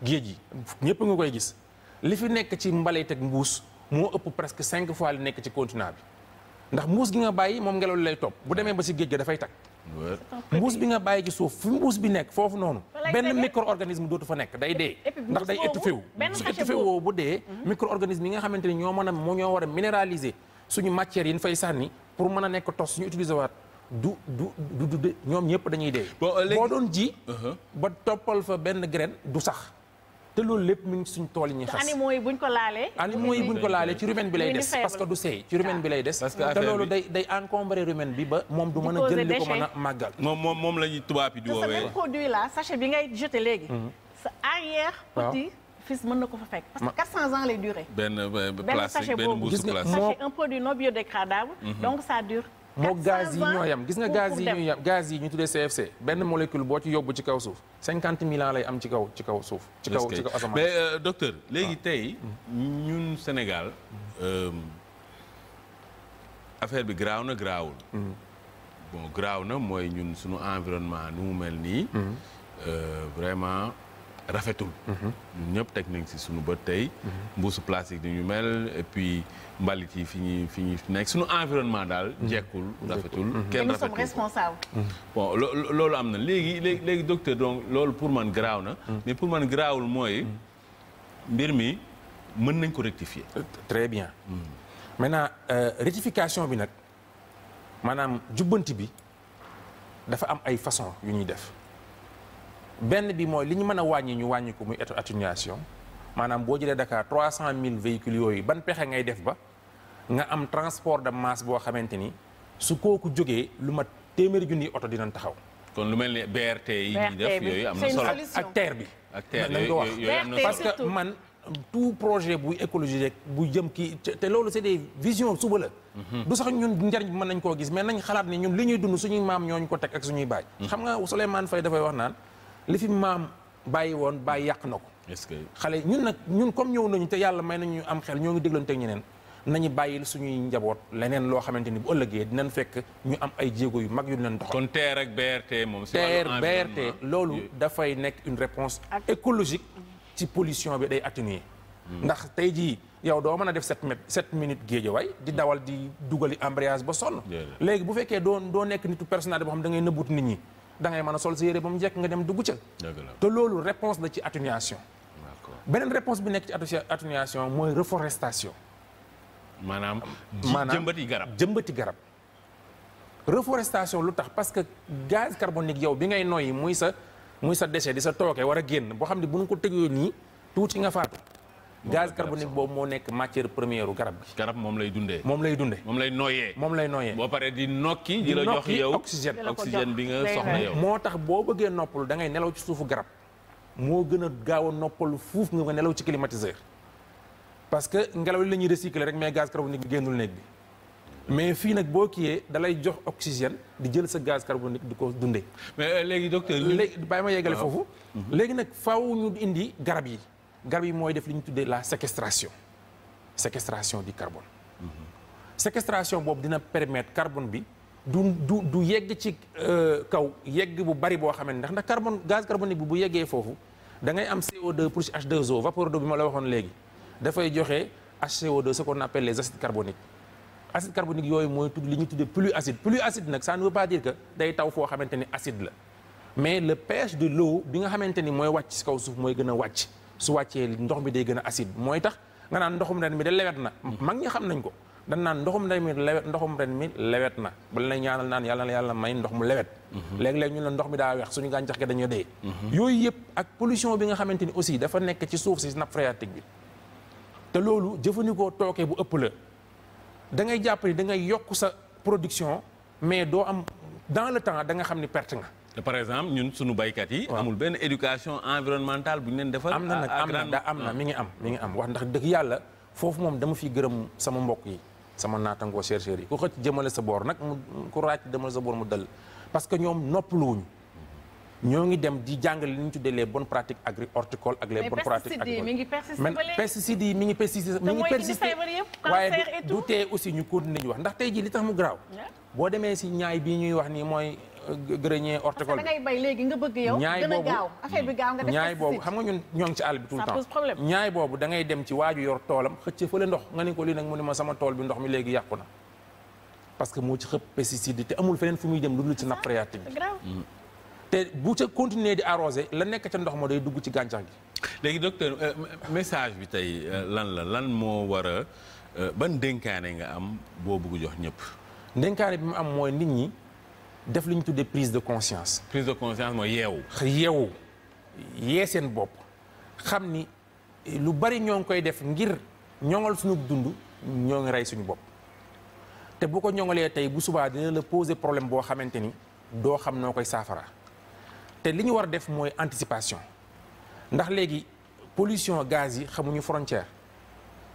géej gi ñëpp nga koy gis li fi nekk ci mbalit teg mbuus moo ëpp presque cinq fois li nekk ci continent bi ndax mbuus gi nga bàyyi moom ngelaw li lay topp bu demee ba si géej ga dafay tag mbuus bi nga bàyyi ci suuf fu mbuus bi nekk foofu noonu benn micro-organisme dootu fa nekk day dee ndax day étouffé wu su étouffé woo bu dee mm-hmm. micro-organisme yi nga xamante ni ñoo mën a moo ñoo war a minéraliser suñu matières yi nu fay sànni pour mën a nekk tos suñu utiliser waat du du du du ñoom ñëpp dañuy dee euh, boo doon jii uh-huh. ba toppal fa benn graine du sax te loolu lépp mi ngi suñ tool yi ñuy xas animaux yi buñ ko laalee animaux yi buñ ko laalee ci rumen bi lay des parce que du seey ci rumen bi lay des te loolu day day encombrer bi ba moom du mën a jël li ko mën a màggal moom moom tubaab yi di woowee sachet bi ngay jeté léegi mhm. sa arrière petit fils mën na ko fa fekk parce que 400 ans lay durer benn euh, plastique benn mbuusu plastique un produit non biodégradable mhm. donc ça dure moog gaz yi ñoo yam gis nga gaz yi ñoo gaz yi ñu tuddee CFC benn molécule boo ci yóbbu ci kaw suuf cinquante mille lay am ci kaw ci kaw suuf ci kaw ci kaw asamaan mais euh, docteur léegi ah. tey mm-hmm. ñun Sénégal euh, affaire bi graaw na graawul mm-hmm. bon graaw na mooy ñun suñu environnement nu mu mel nii mm-hmm. euh, vraiment rafetul ñun ñëpp teg si sunu bët tey mbuusu plastique ni ñu mel et mbalit yi fi ñuy fi ñuy nekk suñu environnement daal. Mm-hmm. jekkul rafetul mm-hmm. kenn rafetul responsable mm-hmm. bon loolu am na léegi léegi léegi docteur donc loolu pour man graaw na. mais pour man garaawul mooy. mbir mi mën nañ ko rectifier. Euh, très bien. maintenant euh, rectification bi nag maanaam jubbanti bi dafa am ay façon yu ñuy def benn bi mooy li ñu mën a wàññi ñu wàññi ko muy atténuation maanaam boo jëlee Dakar 300000 véhicules yooyu ban pexe ngay def ba. nga am transport de masse boo xamante ni su kooku jógee lu mat téeméeri junniy oto dinañ taxaw. kon lu mel ne BRT yi yooyu am na solo ak TER bi. ak TER yooyu parce que man tout projet buy écologie bu jëm kii te loolu c'est vision suba la. Mhm. du sax ñun njariñ mën nañ koo gis mais nañ xalaat ni ñun li ñuy dund suñuy maam ñooñu ko teg ak suñuy baay. Mhm. xam nga Souleymane Faye dafay wax naan li fi maam bàyyi woon bàyyi yàq na ko. est-ce que xale ñun nag ñun comme ñëw nañu te yàlla may nañu am xel ñoo ngi déglanteeg ñeneen. nañu bàyyil suñuy njaboot leneen loo xamante ni bu ëllëgee dinañ fekk ñu am ay jéego yu mag yu leen doxal. kon TER ak BRT moom. si wàllu BRT loolu dafay nekk une réponse écologique ci pollution bi day atténuer. Hmm. ndax tey jii yow doo mën a def sept mètres sept minutes géejawaay di hmm. dawal di dugali embrayage ba sonn. léegi bu fekkee doo doo nekk nitu personnalité boo xam da ngay nëbbut nit ñi. da ngay a sol sa yére ba mu njëkk nga dem dugg ca. te loolu réponse la ci atténuation. beneen réponse bi nekk ci atténuation mooy reforestation. maanaam jëmbati garab jëmbati garab. reforestation lu tax parce que gaz carbonique yow bi ngay noyyi muy sa muy sa déchet di sa tooke war a génn boo xam ne bu ñu ko tëjoo nii tuuti nga faatu. gaz carbonique boobu moo nekk matière première garab bi. garab moom lay dundee. moom lay dundee. moom lay nooyee. moom lay nooyee. boo paree di nokki di la jox yow oxygène oxygène bi nga soxla yow. moo tax boo bëggee noppalu dangay nelaw ci suufu garab moo gën a gaaw a noppalu fuuf nga nelaw ci climatiseur. parce que ngelaw li la ñuy recycler rek mais gaz carbonique bi génnul néeg bi mais fii nag boo kiiyee dalay jox oxygène di jël sa gaz carbonique di ko dundee. mais euh, léegi docteur. léegi bàyyi ma yeggale foofu. Mhm. léegi nag faw ñu indi garab yi. garab yi mooy def li ñu tuddee la séquestration séquestration di carbone. Mhm. séquestration boobu dina permettre carbone bi du du du yegg ci euh, kaw yegg bu bari boo xam ne ndax ndax carbone gaz carbonique bi bu yeggee foofu da ngay am CO2 plus o vapeur bi ma la waxoon léegi. dafay joxe HCO2 ce qu'on appelle les acides carboniques acide carbonique yooyu mooy tudd li ñuy tuddee pluie acide pluie acide nag ça ne veut pas dire que day taw foo xamante ni acide la mais le pH de l'eau bi nga xamante ni mooy wàcc ci kaw suuf mooy gën a wàcc su wàccee ndox mi day gën a acide mooy tax nga naan ndoxum ren mi de lewet na mag ñi xam nañ ko dan naan ndoxum ren mi lewet ndoxum ren mi lewet na bala na ñaanal naan yàlla la yàlla may ndox mu lawet léeg-léeg ñu la ndox mi daa weex suñu gàncax gi dañoo dee yooyu yëpp ak bi nga xamante ni aussi dafa nekk ci suuf si nappe phréatique bi te loolu jëfandikoo tooke bu ëpp la da ngay jàpp ni dangay ngay yokk sa production mais doo am dans la temps da nga xam ni perte nga. par exemple ñun suñu baykat yi. amul benn éducation environnementale bu ñu leen defal. am na nag am na am na ah. mi ngi am mi ngi am wax ndax dëgg yàlla foofu moom dama fi gërëm sama mbokk yi sama naatangoo chercheurs yi ku xëcc jëmale sa boor nag mu ku raaj jëmale sa boor mu dal parce que ñoom noppaluwuñu ñoo ngi dem di jàngale li ñu tuddee les bonnes pratiques agri horticole ak les bonnes pratiques agricoles mais pesticides yi mi ngi pesticides mi ngi persister waaye du tee aussi ñu continuer ñu wax ndax tey ji li tax mu garaaw boo demee si ñaay bii ñuy wax ni mooy euh, grenier horticole bi bay léegi nga bëgg yow ñaay boobu affaire bi gaaw nga def ñaay boobu xam nga ñun ñoo ngi ci àll bi tout le temps ñaay boobu da ngay dem ci waaju yor toolam xëcc fële ndox nga ne ko lii nag mu ne ma sama tool bi ndox mi léegi yàqu na parce que moo ci xëpp pesticide te amul feneen fu muy dem lu dul ci nappe phréatique bi te bu ca continuer di arroser la nekk ca ndox ma day dugg ci gàncax gi. léegi docteur euh, message bi tey euh, lan la lan moo war a euh, ban ndénkaane nga am boo bëgg jox ñëpp. ndénkaane bi mu am mooy nit ñi def li ñu tuddee prise de conscience. prise de conscience moo yeewu. yeewu yee seen bopp xam ni lu bari ñoo ngi koy def ngir ñoŋal suñu dund ñoo ngi rey suñu bopp te bu ko ñoŋalee tey bu subaa dina la poser problème boo xamante ni doo xam noo koy saafara. te li ñu war def mooy anticipation ndax léegi pollution gaz yi xamuñu frontière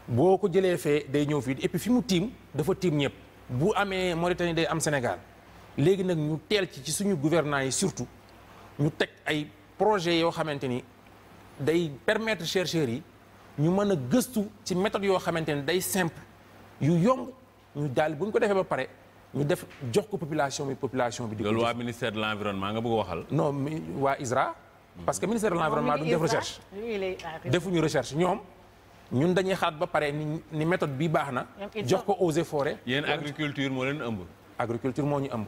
boo ko jëlee fee day ñëw fii et puis fi mu tiim dafa tiim ñëpp bu amee Mauritanie day am Sénégal léegi nag ñu teel ci ci suñu gouvernants yi surtout ñu teg ay projets yoo xamante ni day permettre chercheurs yi ñu mën a gëstu ci méthode yoo xamante ni day simple yu yomb ñu daal buñ ko defee ba pare ñu def jox ko population bi population bi. di ko loolu waa ministère de l' environnement nga bëgg waxal. non mi waa ISRA. parce que ministère de l' environnement duñ def recherche. defuñu recherche ñoom. ñun dañuy xaat ba pare ni méthode bi baax na. jox ko eaux et yéen agriculture moo leen ëmb. agriculture moo ñu ëmb.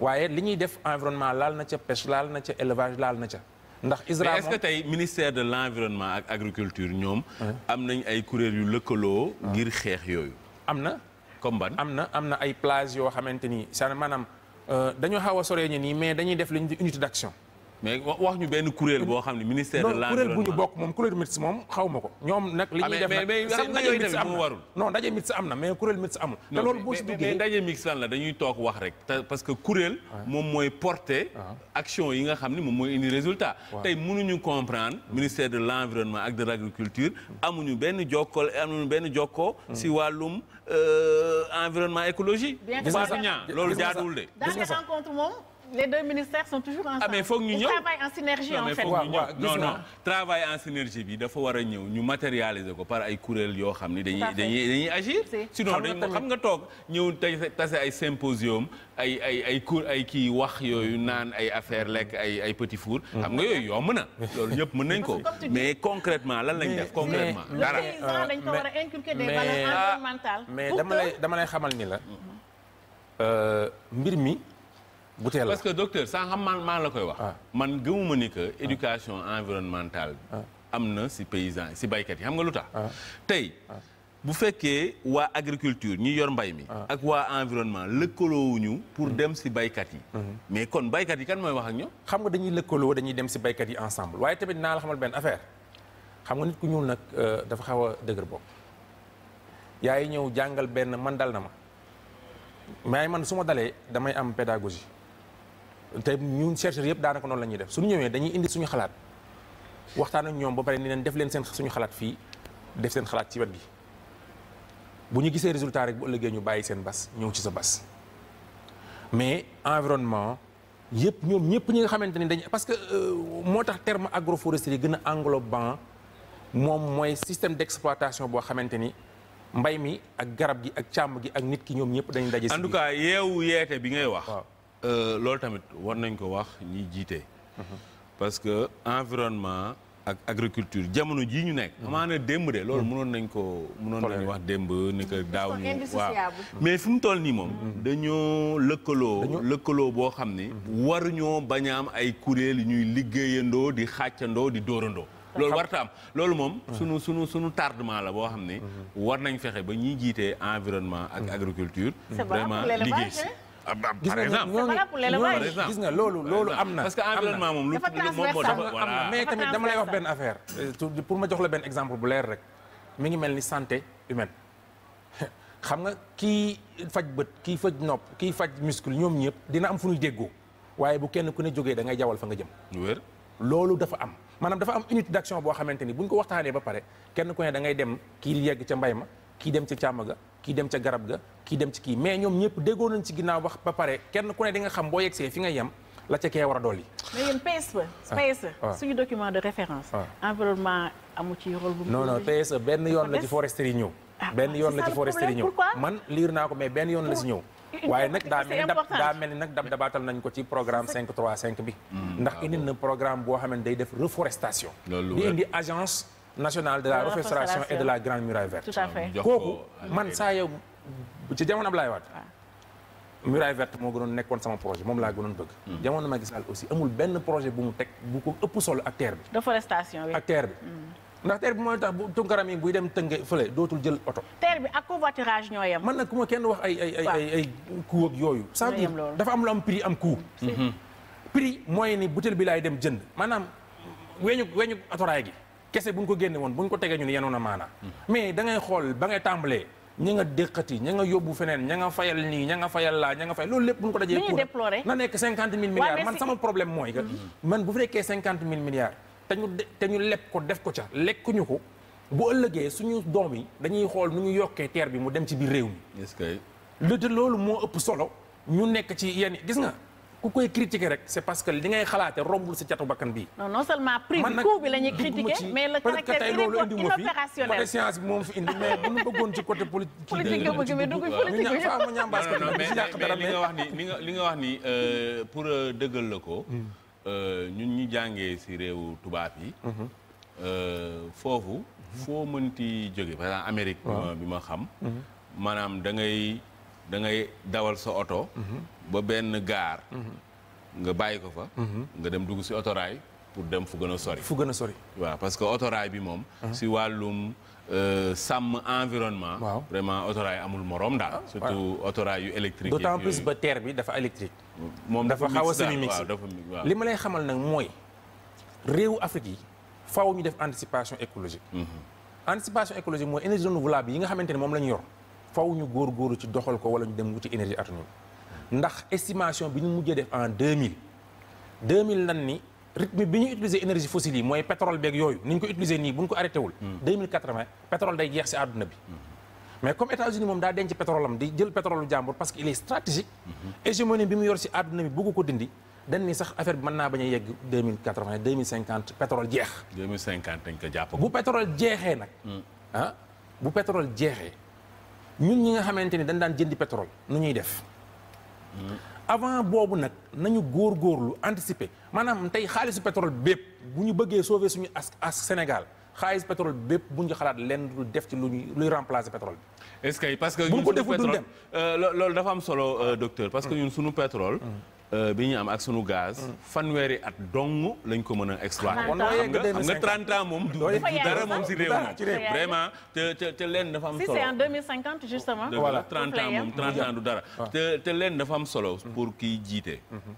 waaye li ñuy def environnement laal na ca pêche laal na ca élevage laal na ca. ndax ISRA est tey ministère de l'environnement ak agriculture ñoom. am nañ ay kuréel yu lëkkaloo. ngir xeex yooyu. am na comme ban am na am na ay plage yoo xamante ni sa maanaam euh, dañoo xaw a soree ñu nii mais dañuy def li ñu di unité d'action mais wax ñu benn kuréel boo xam ne ministère de l'environnement bokk moom kuréel MITS moom xaw ma ko ñoom nag li ñuy ah, def nag mais ndaje MITS am am na mais kuréel MITS amul te loolu boo si duggee mais ndaje MITS lan la dañuy toog wax rek parce que kuréel moom mooy porter ah. action yi nga xam ne moom mooy indi résultat tey mënuñu comprendre mm. ministère de l'environnement ak de l'agriculture amuñu mm. benn jokkool amuñu benn jokkoo mm. si wàllum Euh, environnement écologie. bien que loolu jaaduwul de. gis nga sax rencontre moom. les deux ministères sont toujours ah, ensemble. ah mais foog ñu ñëw travaillent en synergie en fait. waaw waaw synergie bi dafa war a ñëw ñu matérialiser ko par ay kuréel yoo xam ni dañuy dañuy dañuy agir. sinon dañ xam nga toog ñëw tase ay symposium ay ay ay cours ay kii wax yooyu naan ay affaire lekk ay ay petit four. xam nga yooyu yomb na. loolu ñëpp mën nañ ko mais concrètement lan lañ def concrètement dara dañ ko war a inculquer des euh, valeurs environnementales mais dama lay dama lay xamal ni la euh, mbir mi. butéel parce que docteur saa xam man maa la koy wax. Ah. man gëmuma ni que éducation environnementale. Ah. am na si paysan si baykat yi xam nga lu tax. Ah. tey bu fekkee waa agriculture ñi yor mbay mi. ak waa environnement ñu pour mm. dem si baykat yi. Mm-hmm. mais kon baykat yi kan mooy wax ak ñoom. xam nga dañuy lëkkaloo dañuy dem si baykat yi ensemble waaye tamit naa la xamal benn affaire xam nga nit ku ñuul nag euh, dafa xaw a dëgër bopp. yaay ñëw jàngal benn man dal na ma mais man su ma dalee damay am pédagogie. te ñu chercheurs yëpp daanaka noonu la ñuy def suñu ñëwee dañuy indi suñu xalaat waxtaan ak ñoom ba pare ni leen def leen seen suñu xalaat fii def seen xalaat ci wet gi bu ñu gisee résultat rek bu ëllëgee ñu bàyyi seen bas ñëw ci sa bas mais environnement yëpp ñoom ñëpp ñi nga xamante ni dañ parce que euh, moo tax terme agroforesterie gën a englobant moom mooy système d'exploitation boo xamante ni mbay mi ak garab gi ak càmm gi ak nit ki ñoom ñëpp dañu daje. en tout cas yeewu yeete bi ngay wax. Euh, loolu tamit war nañ ko wax ñi jiite. parce que environnement ak agriculture jamono jii ñu nekk. amaana démb de loolu mënoon nañ ko mënoon nañ wax démb ni que daaw waaw mais fi mu toll nii moom. dañoo lëkkaloo. lëkkaloo boo xam ni. waruñoo bañ am ay kuréel yu ñuy liggéeyandoo di xàccandoo di dóorandoo. loolu warta am loolu moom sunu sunu sunu tardement la boo xam ni. Mhm. war nañ fexe ba ñuy jiitee environnement ak mhm. agriculture. vraiment liggéey si. par exemple gis nga loolu loolu am na. parce que environnement moom moom moo dafa mais tamit dama lay wax benn affaire. Euh, pour ma jox la benn exemple bu leer rek mi ngi mel ni santé humaine xam nga kii faj bët kii faj nopp kii faj muscle ñoom ñëpp dina am fu ñuy déggoo waaye bu kenn ku ne jógee da ngay jawal fa nga jëm. wér loolu dafa am. maanaam dafa am unité d'action boo xamante ni buñ ko waxtaanee ba pare kenn ku ne da ngay dem kii yegg ca mbay ma kii dem ca càmm ga kii dem ca garab ga kii dem ci kii mais ñoom ñëpp déggoo ci ginnaaw wax ba pare kenn ku ne di xam boo yegsee fi nga yem la ca kee war a dolli. mais yéen PSE. Ah, PSE ah. suñu document de référence. Ah. ci rôle bu. E, benn yoon la ci foresterie yi ñëw. benn yoon la ci foresterie yi ñëw man liir naa ko mais benn yoon la si ñëw. waaye nag daa mel ni daa mel ni nag dab dabaatal nañ ko ci programme 5 3 5 bi. Hmm, ndax indi na programme boo xam ne day def reforestation. di agence. nationale de la refestauration et de la grande muraille verte. tout à fait kooku man saa yow ci jamono Ablaye Wade. muraille verte moo gënoon nekkoon sama projet moom laa gënoon bëgg. Hmm. jamono Macky Sall aussi amul benn projet bu mu teg bu ko ëpp solo ak terre bi. déforestation bi ak bi. Hmm. ndax terre bi mooy tax bu tunkaram yi buy dem tënge fële dootul jël oto. terre bi ak covoiturage ñoo yem. man na ku ma kenn wax ay ay yooyu. ça veut dire dafa am lu am prix am coût. Hmm. prix mooy ni butéel bi laay dem jënd maanaam weñu weñu atoraay gi. kese bu ñu ko génne bu ñu ko tegee ñu ne yenoon a maana mais da ngay xool ba ngay tàmbalee ña nga déqati ña nga yóbbu feneen ña nga fayal nii ña nga fayal laa ña nga fayal loolu lépp bu ñu ko dajee pour na nekk cinquante mille milliards man sama problème mooy que mm-hmm. man bu fi nekkee cinquante mille milliards te ñu te ñu leb ko def ko ca lekkuñu ko bu ëllëgee suñu doom yi dañuy xool nu ñu yokkee teer bi mu dem ci biir réew mi lu te loolu moo ëpp solo ñu nekk ci yenn gis nga ku koy critiquer rek c'est parce que li ngay xalaate rombul sa catu bakkan bii. non seulement prix bi bi la ñuy critiquer mais le caractère inopérationnel côté science bi fi mais ñu ñu li nga wax ni li nga euh, euh, dëggal la ko. Hmm. Euh, ñun ñu jàngee si réew tubaab yi. Hmm. foofu. foo mënti jóge par exemple Amérique. bi ma xam. Hmm. maanaam da da ngay dawal sa oto. ba benn gaar. nga bàyyi ko fa. nga dem dugg si otoraay pour dem fu gën a sori. fu gën a sori. waaw parce que otoraay bi moom. si wàllum euh, sàmm environnement. waaw vraiment otoraay amul morom daal. Ah, surtout otoraay yu électrique. d'autant plus ba terre bi dafa électrique. moom dafa xaw a semi mix li ma lay xamal nag mooy réew Afrique yi faaw ñu def anticipation écologique. Mhm. anticipation écologique mooy énergie renouvelable yi nga xamante ne moom la ñu yor. faw ñu góorgóorlu ci doxal ko wala ñu dem wuti énergie atomique ndax estimation bi ñu mujjee def en 2000 2000 lan ni rythme bi ñuy utiliser énergie fossile yi mooy pétrole beeg yooyu ni ñu ko utiliser nii bu ñu ko arrêté wul. 2080 hmm. pétrole day jeex si àdduna bi. Hmm. mais comme États-Unis moom daa denc pétrole am di jël pétrole lu jàmbur parce que il est stratégique. Hmm. hégémonie bi mu yor si àdduna bi bëgg ko dindi. dañ ni sax affaire bi mën naa bañ a yegg 2080 2050 pétrole jeex. 2050 dañ ko jàpp bu pétrole jeexee nag. ah bu pétrole jeexee. ñun ñi nga xamante ni dañ daan jëndi pétrole nu ñuy def avant boobu nag nañu góor góor góorgóorlu anticiper maanaam tey xaalisu pétrole bépp bu ñu bëggee sauver suñu as as Sénégal xaalis pétrole bépp bu ñu xalaat leen lu def ci lu ñuy luy remplacer pétrole bi. est-ce parce que ñun suñu pétrole bu dem euh, loolu am solo euh, docteur. parce que ñun suñu pétrole. Euh, bi ñu am ak sunu gaz. fanweeri at dong lañ ko mën a exploiter. xam nga 30 ans moom. dara moom si réew mi vraiment te te leen dafa am solo. si c'est en 2050 moom 30 ans du dara. te te leen dafa am solo. pour kiy jiite. Mhm.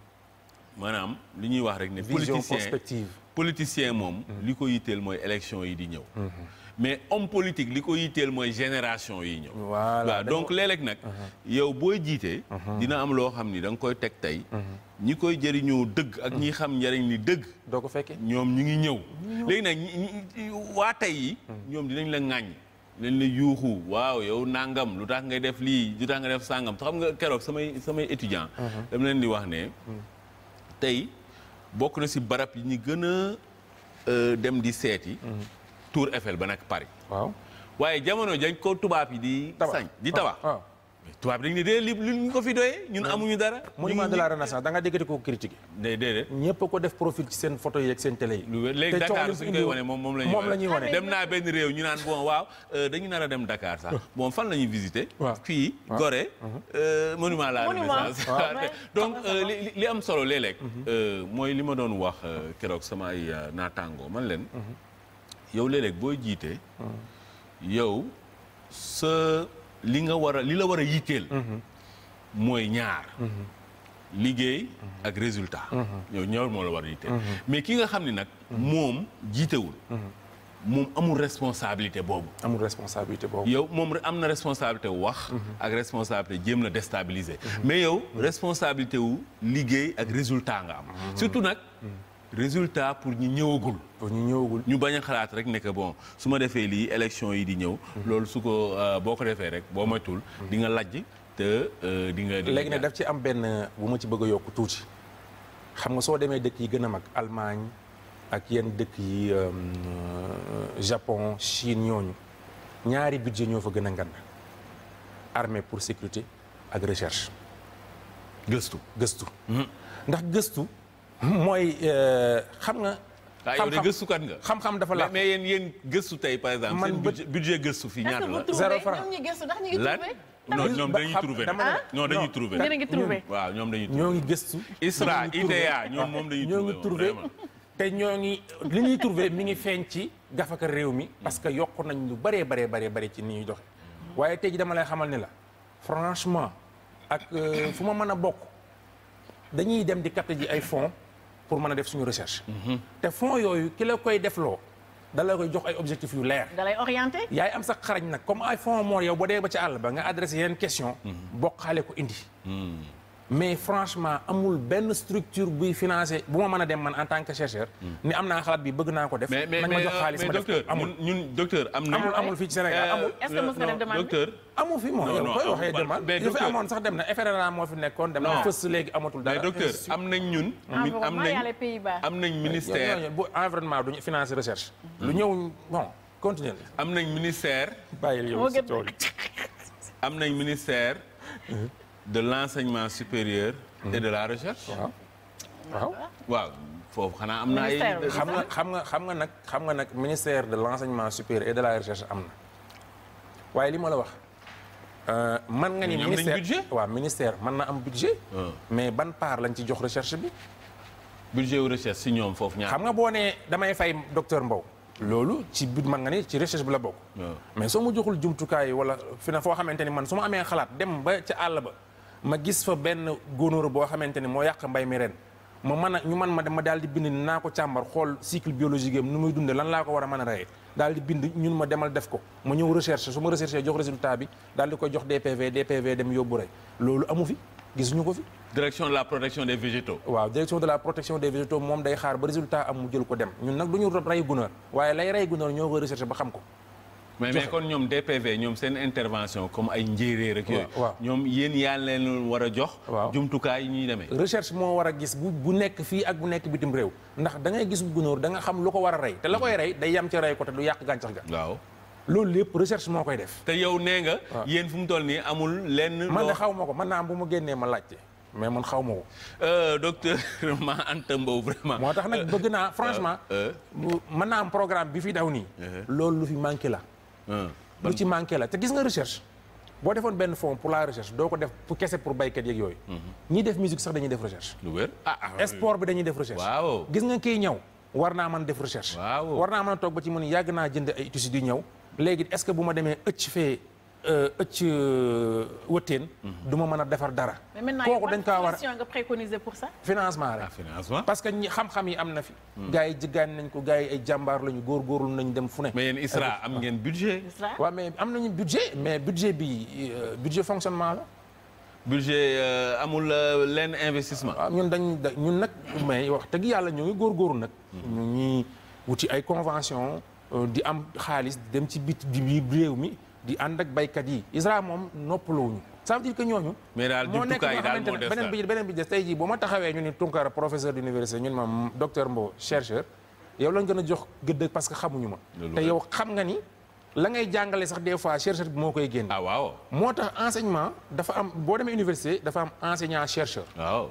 maanaam li ñuy wax rek ne. vision prospective politicien politicien moom. Mhm. li ko yitteel mooy élection yi di ñëw. Mhm. mais homme politique li ko yitteel mooy génération yi ñëw. voilà donc léeg-léeg nag. Uh-huh. yow booy jiitee uh-huh. dina am loo xam ni danga koy teg tey. Uh-huh. ñi koy jëriñoo dëgg. ak ñi xam njariñ li dëgg. doo ko fekkee ñoom ñu ngi ñëw. léegi nag waa tey yi. ñoom dinañ la ŋàññ. leen la yuuxu waaw yow nangam lu tax ngay def lii lu tax nga def sàngam te xam nga keroog samay samay étudiant dama leen di wax ne hmm. tey bokk na si barab yi ñi gën a euh, dem di seeti tour Eiffel ba nag Paris. waaw waaye jamono dañ ko tubaab yi di. sañ di tabax ah, ah. mais tubaab dañu ne dee li ñu ko fi doyee. ñun amuñu dara. monument de la renaissance da nga déggati ko critiqué. ñëpp ko def profil seen photo yi ak seen télé yi. lu léegi Dakar suñ koy wane moom la ñuy wane moom la ñuy wane. dem naa benn réew ñu naan bon waaw euh, dañu nar a dem dakaar sax moom ah. fan la ñuy visité. waaw fii Gorée. Mhm. Euh, monument la renaissance donc euh, li li am solo léeg-léeg. Mhm. mooy li ma doon wax keroog sama naataango man leen. Mhm. yow léeg-léeg booy jiite. Hmm. yow sa li nga war a li la war a yitteel. Hmm. mooy ñaar. Hmm. liggéey ak résultat. yow ñaar moo la war a yitteel. mais ki nga xam ni nag. moom jiitewul. moom amul responsabilité boobu. amul responsabilité boobu. yow moom am na responsabilité wax. ak responsabilité jéem la déstabiliser. mais yow responsabilité wu liggéey ak résultat nga am. surtout nag. résultat pour ñu ñëwagul. ñu ñëwagul ñu bañ a xalaat rek ne bon su ma defee lii élection yi di ñëw. Mhm. loolu su ko euh, boo ko defee rek boo moytul mhm. di nga lajj te euh, di nga. léegi nag daf ci am benn bu ma ci bëgg a yokk tuuti xam nga soo demee dëkk yi gën a mag Allemagne ak yenn dëkk yi euh, Japon Chine ñooñu ñaari budget ñoo fa gën a ngan armée pour sécurité ak recherche. gëstu gëstu. Mhm. ndax gëstu. mooy euh, xam ah, nga. xam-xam dafa la mais yéen yéen gëstu tey par exemple. man budget gëstu fi ñaata la. zéro franc non ñoom dañuy trouvé non dañuy trouvé. ñoo ngi trouvé waaw ñoom dañuy trouvé. ñoo ngi gëstu. ISRA IDEA ñoom moom dañuy trouvé ñoo ngi te ñoo ngi li ñuy trouver mi ngi feeñ ci gafaka réew mi. parce que yokku nañ lu bëree baree baree bare ci ni ñuy doxe waaye tey ji dama lay xamal ne la franchement ak euh, fu ma mën a bokk dañuy dem di capter ji ay fonds pour mën a def suñu recherche. Mhm. te fonds yooyu ki la koy defloo. da la koy jox ay objectif yu leer. da lay yaay am sax xarañ nag comme ay fonds moo yow ba dee ba ca àll ba nga adressé yeneen question mhm. bokkaale ko indi. Mhm. mais franchement amul benn structure buy financé bu ma mën a dem man en tant que chercheur. ni am naa xalaat bi bëgg naa ko def. nañ ma jox xaalis ma def ko amul ñun docteur am na amul amul fii ci Sénégal amul. est ce que mos nga def demande docteur. amul fi moo yow koy waxee demande yu fi amoon sax dem na FRNA moo fi nekkoon dem na fës léegi amatul dara. mais docteur am nañ ñun. Ah, am nañ am nañ ministère bu environnement duñu financer recherche. lu ñëw bon continuer am nañ ministère. bàyyil yow si tool am nañ ministère. de l'enseignement supérieur et de la recherche waaw waaw waaw xanaa am na xam nga xam nga xam nga nag xam nga nag ministère de l'enseignement supérieur de la recherche am na waaye li ma la wax euh, man nga ni ministère waaw ministère mën na am budget ah. mais ban part lañ ci jox recherche bi budget wu recherche si ñoom foofu ñaar xam nga boo nee damay fay docteur Mbow loolu ci but man nga ni ci recherche bi la bokk ah. mais soo ma joxul jumtukaay wala fi na foo xamante ni man su ma amee xalaat dem ba ca àll ba ma gis fa benn gunóor boo xamante ni moo yàq mbay mi ren ma man a ñu man ma ma daal di bind ni naa ko càmbar xool cycle biologique am nu muy dunde lan laa ko war a man a reye daal di bind ñun ma demal def ko ma ñëw recherche su ma recherche jox résultat bi daal di ko jox DPV DPV dem yóbbu rey loolu amu fi gisuñu ko fi direction de la protection des végétaux waaw direction de la protection des végétaux moom day xaar ba résultat am mu jël ko dem ñun nag du ñu rey gunóor waaye lay rey gunóor ñoo koy recherche ba xam ko mais mais kon ñoom DPV ñoom seen intervention comme ay njéeréer rek yooyu ñoom yéen yaa leen war a jox jumtukaay yi ñuy demee recherche moo war a gis bu bu nekk fii ak bu nekk bitim réew ndax dangay ngay gis gunóor da nga xam lu ko war a rey te la koy rey day yam ci rey ko te du yàq gàncax ga waaw loolu lépp recherche moo koy def te yow nee nga yéen fu mu toll nii amul lenn man de xaw ma ko man naa am bu ma génnee ma laajte mais man xaw ma ko. Euh, docteur Ma Anta Mbow vraiment. moo tax nag bëgg naa euh, franchement. Euh. mën naa programme bi fi daw nii. loolu lu manqué la. lu ci manqué la te gis nga recherche boo defoon benn fond pour la recherche doo ko def pour kese pour béykat yeeg yooyu mhm. ñiy def musique sax dañuy def recherche lu wér ah, ah, sport bi dañuy def recherche waaw gis nga kii ñëw war naa mën def recherche waaw war naa mën a toog ba ci mun yàgg naa jënd ay si di ñëw léegi est-ce que bu ma demee ëcc fee Euh, ëcc euh, wëtteen. Mhm. du ma mën a defar dara. kooku dañ kaa war nga préconiser pour ça. financement rek ah, parce que ñi xam-xam yi am na fi. Mhm. gars yi jiggaan nañ ko gars yi ay jàmbaar lañu góorgóorlu nañ dem fu ne. mais yéen ISRA am ngeen budget. waaw mais am nañu budget mais budget bi euh, budget fonctionnement la. budget amul lenn investissement. waaw ah, ñun dañ ñun nag mais wax dëgg yàlla ñu ngi góor góorgóorlu nag. Mhm. ñu ngi wuti ay convention di am xaalis dem ci bit bi réew mi. di ànd ak baykat yi ISRA moom noppaluwuñu ça veut dire que ñooñu mais daal jumtukaay yi daal moo beneen bi beneen bi des tey jii bu ma taxawee ñu ni Tunkara professeur d'université ñun ma docteur Mbow chercheur yow lañ gën a jox gëdd parce que xamuñu ma te yow xam nga ni la ngay jàngale sax des fois chercheur bi moo koy génn ah waaw moo tax enseignement dafa am boo demee université dafa am enseignant chercheur waaw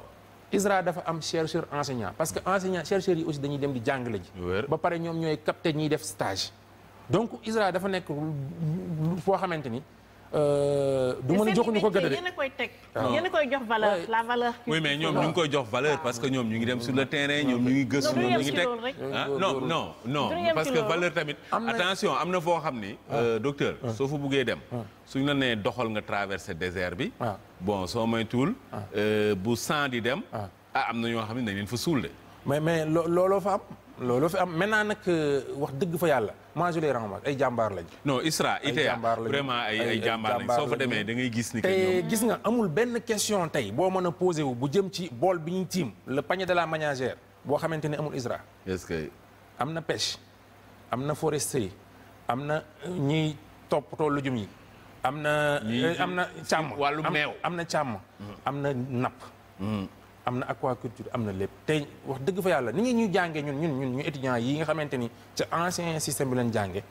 ISRA dafa am chercheur enseignant parce que enseignant chercheur yi aussi dem di jàngale ji ba pare ñoom ñooy capté ñiy def stage donc ISRA dafa nekk foo xamante ni. Euh, du ma a joxuñu ko gëdd de teg ah. yéen la valeur. oui mais ñoom ñu ngi koy jox valeur parce que ñoom ñu ngi dem su le terrain ñoom ñu ngi gëstu ñoom ñu ngi teg ah, parce que valeur tamit attention am na foo xam ni ah. euh, docteur soo fa buggee dem suñ la nee doxal nga traversé désert bi bon soo moytuwul euh, bu sang di dem ah am na ñoo xam ne dañ leen fa suul de mais mais looloo fa am loolu fi am maintenant nag euh, wax dëgg fa yàlla moi je les ay jàmbaar lañ no ISRA ITA vraiment ay ay jàmbaar lañ soo fa demee da ngay gis ni te gis nga amul benn question tey boo mën a posé wu bu jëm ci bool bi ñu tiim le panier de la ménagère boo xamante ne amul ISRA ce que am na pêche am na foresterie am na euh, ñiy toppatoo lujum yi am na euh, am na càmm wàllu meew am na càmm mm. am na napp mm. am na aquaculture am na lépp tey wax dëgg fa yàlla ni ngi ñu jàngee ñun ñun ñun ñu étudiants yi nga xamante ni ca ancien système bi leen jànge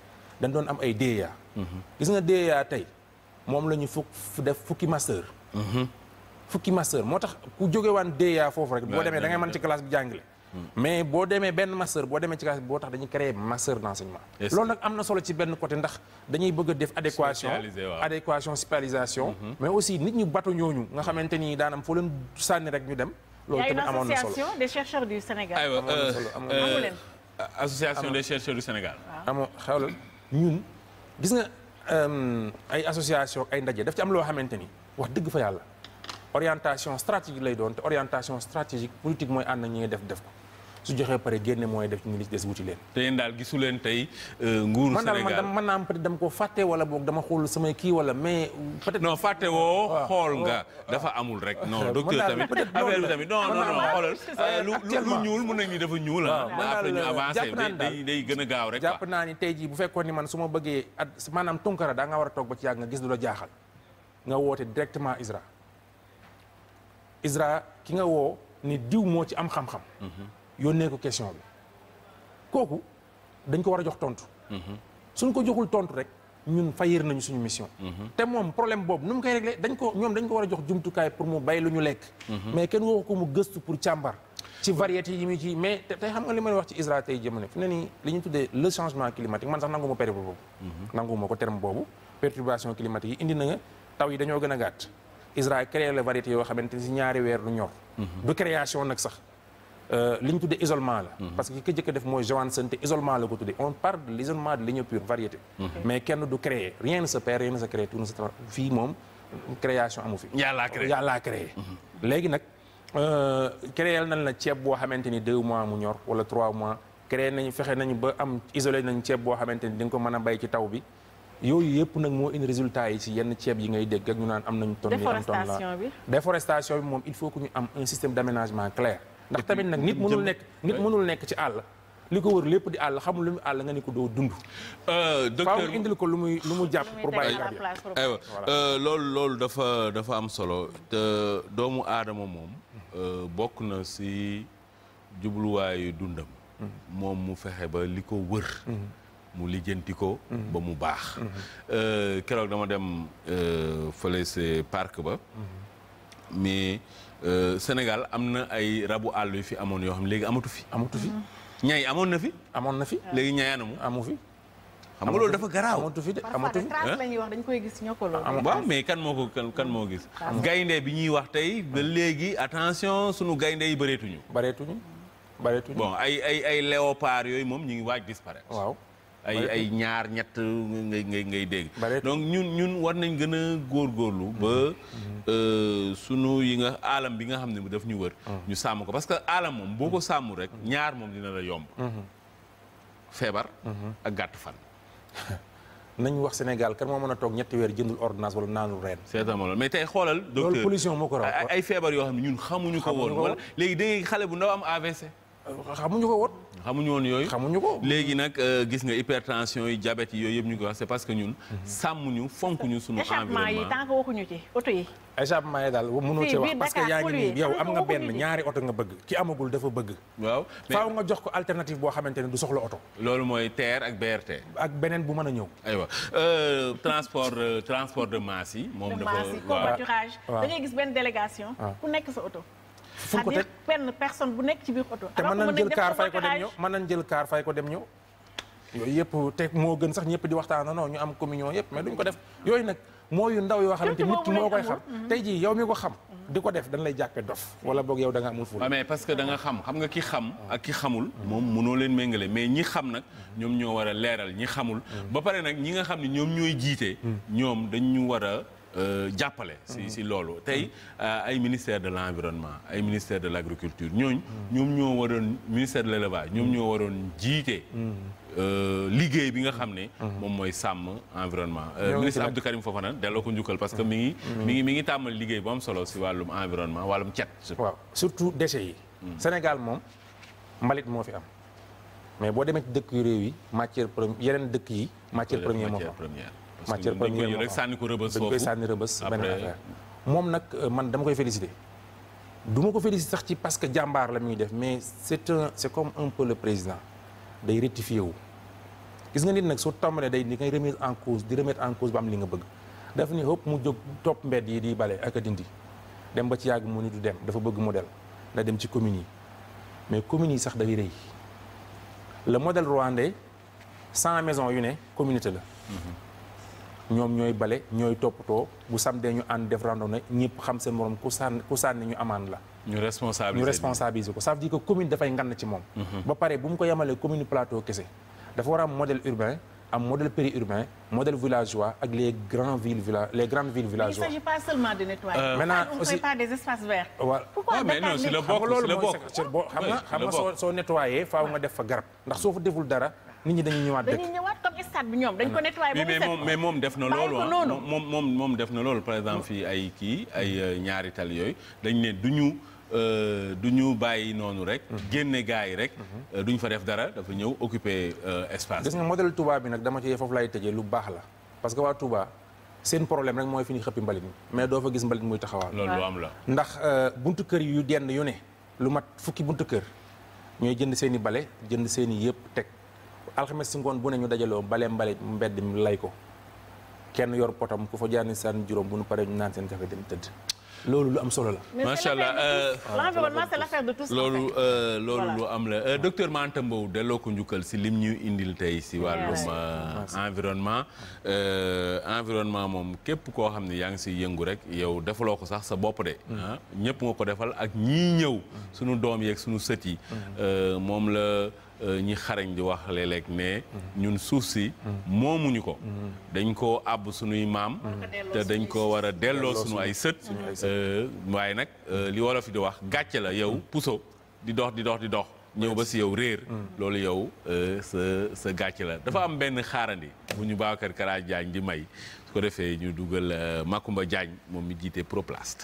dañ doon am ay DEA mhm. gis nga DEA tey moom la ñu fukk def fukki master mhm. fukki master moo tax ku jógewaan DEA foofu rek boo demee da ngay mën ci classe bi jàngale mais boo demee benn master boo demee ci classe boo tax dañu créer master d' enseignement loolu nag am na solo ci benn côté ndax dañuy bëgg def adéquation adéquation spécialisation mhm. mais aussi nit ñu bato ñooñu nga xamante ni daanam foo leen sànni rek ñu dem loolu tamit amoon na solo association des chercheurs du Sénégal euh, association des chercheurs du Sénégal xew xawlal ñun gis nga euh, ay association ay ndaje daf ci am loo xamante ni wax dëgg fa yàlla orientation stratégique lay doon te orientation stratégique mooy ànd na ñi def def ko su joxee pare génne mooy def ci ñu li ci des wuti leen. te daal gisu leen tey euh, nguuru Sénégal man naa peut-être dama ko fàtte wala boog dama xool samay kii wala mais. peut-être fàtte woo ah. xool nga ah. dafa amul rek. non ah. docteur tamit affaire bi tamit non non non xoolal. Euh, lu ñuul mën nañu dafa ñuul ah. après ñu avancé day day gën a gaaw rek jàpp naa ni tey jii fekkoon ni man su ma bëggee at maanaam tunkara daa nga war a toog ba ci yàgg nga gis du la jaaxal nga woote directement ISRA ISRA ki nga woo ni diw moo ci am xam-xam mhm. yónnee ko question bi kooku dañ ko war a jox tontu. Mhm. suñ ko joxul tontu rek ñun fayir nañu suñu mission. Mhm. te moom problème boobu nu mu koy réglé dañ ko ñoom dañ ko war a jox jumtukaay pour mu bay lu ñu lekk. Mhm. mais kenn woo ko mu gëstu pour càmbar. ci variété yi mu ji mais tey xam nga li may wax ci ISRA tey jëmale fu ne nii li ñu tuddee le changement climatique man sax nangu ma période boobu. nangu ma ko terme boobu perturbation climatique yi indi na taw yi dañoo gën a gàtt. ISRA créé la variété yoo xamante ni ñaari weer lu ñor. du création nag sax. Euh, li ñu tuddee isolement la. Mhm. parce que ki ko jëkk def mooy Joan Sante isolement la ko tuddee on parle de l' de ligne pure variété. Mhm. mais kenn du créer rien ne se perd rien ne se crée tout ne se transforme fii moom création amu fi. yàllaa créé yàllaa mhm. léegi nag euh, créé nañ la ceeb boo xamante ni deux mois mu ñor wala trois mois créé nañu fexe nañu ba am isolé nañu ceeb boo xamante ni di nga ko mën a bay ci taw bi. yooyu yëpp nag moo indi résultat yi ci yenn ceeb yi ngay dégg ak ñu naan am nañu. tonne yi am tonne la déforestation bi. déforestation bi ndax tamit nag nit mënul nekk nit mënul nekk ci àll li ko wër lépp di àll xamul lu mu àll nga ni ko doo dund. Euh, docteur faaw indil ko lu muy lu mu jàpp pour euh, loolu loolu dafa dafa am solo te doomu aadama moom euh, bokk na si jubluwaayu dundam. moom mu fexe ba li ko wër. mu lijjanti ko. ba mu baax. Mhm. keroog dama dem fële si park ba. Mhm. mais euh, Sénégal am na ay rabu àll yu fi amoon yoo xam léegi amatu fi. amatu fi ñay amoon na fi. amoon na fi léegi ñay anamu amu fi. xam nga loolu dafa garaaw amatu fi de wax dañ koy gis ñoo ko loolu waaw mais kan moo ko kan moo gis. gaynde bi ñuy wax tey ba léegi attention sunu gaynde yi bëreetuñu. bëreetuñu bëreetuñu. bon ay ay ay léopard yooyu moom ñu ngi waaj disparaître. waaw. ay ay ñaar ñett ngay ngay ngay dégg donc ñun ñun war nañ gën a góorgóorlu ba mhm. euh, sunu yi nga alam bi nga xam ne bu daf ñu wër ah. ñu sàmm ko parce que aalam moom boo ko sàmm rek mhm. ñaar moom dina la yomb mhm. feebar ak gàtt fan nañ wax Sénégal kan moo mën a toog ñetti weer jëndul ordonnance wala naanul reen certainement loolu mais tey xoolal docteur ay feebar yoo xam ne ñun xamuñu ko woon wala léegi da xale bu ndaw am AVC xamuñu ko woon. xamuñu woon yooyu xamuñu ko. léegi nag euh, gis nga hypertension yi jabet yi yooyu yëpp ñu ko wax c'est parce que ñun. sàmmuñu ñu sunu. environnement échappement yi tant que waxuñu ci yi. ci wax parce que yaa ngi nii yow am nga benn ñaari oto nga bëgg ki amagul dafa bëgg. waaw faaw nga jox ko alternative boo xamante ne du soxla oto. loolu mooy TER ak BRT. ak beneen bu mën a ñëw. aywa euh, transport euh, transport de masse yi. moom dafa waaw de masse yi covoiturage. da gis benn délégation. ku nekk sa oto. fu ko teg benn bu nekk ci biir oto. te mën nañ jël kaar fay ko dem ñëw mën nañ jël kaar fay ko dem ñëw. yooyu yëpp te moo gën sax ñëpp di waxtaan noo ñu am communion yëpp mais duñ ko def yooyu nag moo yu ndaw yoo xamante nit ñoo moo koy xam jii yow mi ko xam mm-hmm. di ko def dañ lay jàppe dof wala boog yow da nga amul ful parce que da nga xam xam nga xam ak ki xamul moom mënoo leen méngale mais ñi xam nag ñoom ñoo war a leeral ñi xamul mm-hmm. ba pare nag ñi nga xam ne ñoom ñooy jiite mm-hmm. ñoom dañ ñu war a Euh, jàppale si si loolu tey euh, ay ministère de l'environnement ay ministère de l'agriculture ñooñ ñoom ñoo waroon ministère de l'élevage ñoom ñoo waroon jiite euh, liggéey bi nga xam ne moom mooy sàmm environnement ministre Abdou Karim Fofana delloo ko njukkal parce que mi ngi mm. mi ngi mi ngi tàmmal liggéey bu am solo si wàllum environnement wàllum cet surtout déchets yi mm. Sénégal moom mbalit moo fi am mais boo demee ci dëkk yu réew yi matière première yeneen dëkk yi matière première moo fa matière première dañ sànni ko rëbës moom nag euh, man dama koy féliciter du ma ko féliciter sax ci parce que jàmbaar la muy def mais c'est un comme un peu le président day rectifier wu gis nga nit nag soo tàmbalee day di ngay remettre en cause di remettre en cause ba am li nga bëgg daf ni hëpp mu jóg topp mbedd yi di bale ak a dindi dem ba ci yàgg mu ni du dem dafa bëgg modèle na dem ci communes yi mais communes yi sax day rëy le modèle rwandais cent maison yu ne communité la mm-hmm. ñoom ñooy bale ñooy toppatoo bu samdee ñu ànd def na ñëpp xam seen morom ku sànni ku sànni ñu amaan la. ñu responsabiliser ñu responsabiliser ko ça veut dire que commune dafay ngan ci moom. Mhm. ba pare bu mu ko yemalee commune plateau kese dafa war a am modèle urbain. am modèle périurbain modèle villageois ak les grandes villes villa les grandes villes villageois. mais il ne s'agit pas seulement de nettoyer. Euh, maintenant on aussi xam nga loolu mooy xam nga soo soo nettoyé def fa garab ndax soo fa deful dara nit ñi dañuy ñëwaat dëkk. stade bi ñoom dañ ko nettoyé ba mu set mais moom def na loolu ah. moom moom moom def na loolu par exemple fii ay kii ay euh, ñaari tali yooyu dañ ne du ñu euh, du ñu bàyyi noonu rek. Mhm. génne gars yi rek. Mhm. Euh, duñ fa def dara dafa ñëw occuper espace. gis nga modèle tubaab bi nag dama ci foofu lay tëjee lu baax la parce que waa Touba seen problème rek mooy fi ñuy xëppi mbalit mi mais doo fa gis mbalit muy taxawaal. loolu lu am la ndax buntu kër yu dend yu ne lu mat fukki buntu kër ñooy jënd seen i bale jënd seen i yëpp teg. alxames si ngoon bu ne ñu dajaloo bale mbale mbedd mi lay ko kenn yor potam ku fa jaani saan juróom bu nu paree ñu naan seen café dem tëdd loolu lu am solo la. macha allah euh, l'environnement c'est loolu euh, loolu am la euh, Mbow delloo ko njukkal si lim ñu indil tey si wàllum environnement. environnement moom képp koo xam ne yaa ngi si yëngu rek yow defaloo ko sax sa bopp de. Mm. Ah. ñëpp nga ko defal ak ñii ñëw. sunu doom yeeg suñu sët yi. Mm. moom la. ñi xarañ di wax léeg-léeg ne ñun suuf si moomuñu ko dañ koo àbb suñuy maam te dañ ko war a delloo suñu ay sët euh, waaye nag euh, li wolof di wax gàcce la yow puso di dox di dox di dox ñëw ba si yow réer mm. Mm. loolu yow euh, sa sa gàcce la dafa am benn xaarandi bu ñu Babacar Kara Diagne di may su ko defee ñu dugal Makumba Diagne moom mi jiitee Proplast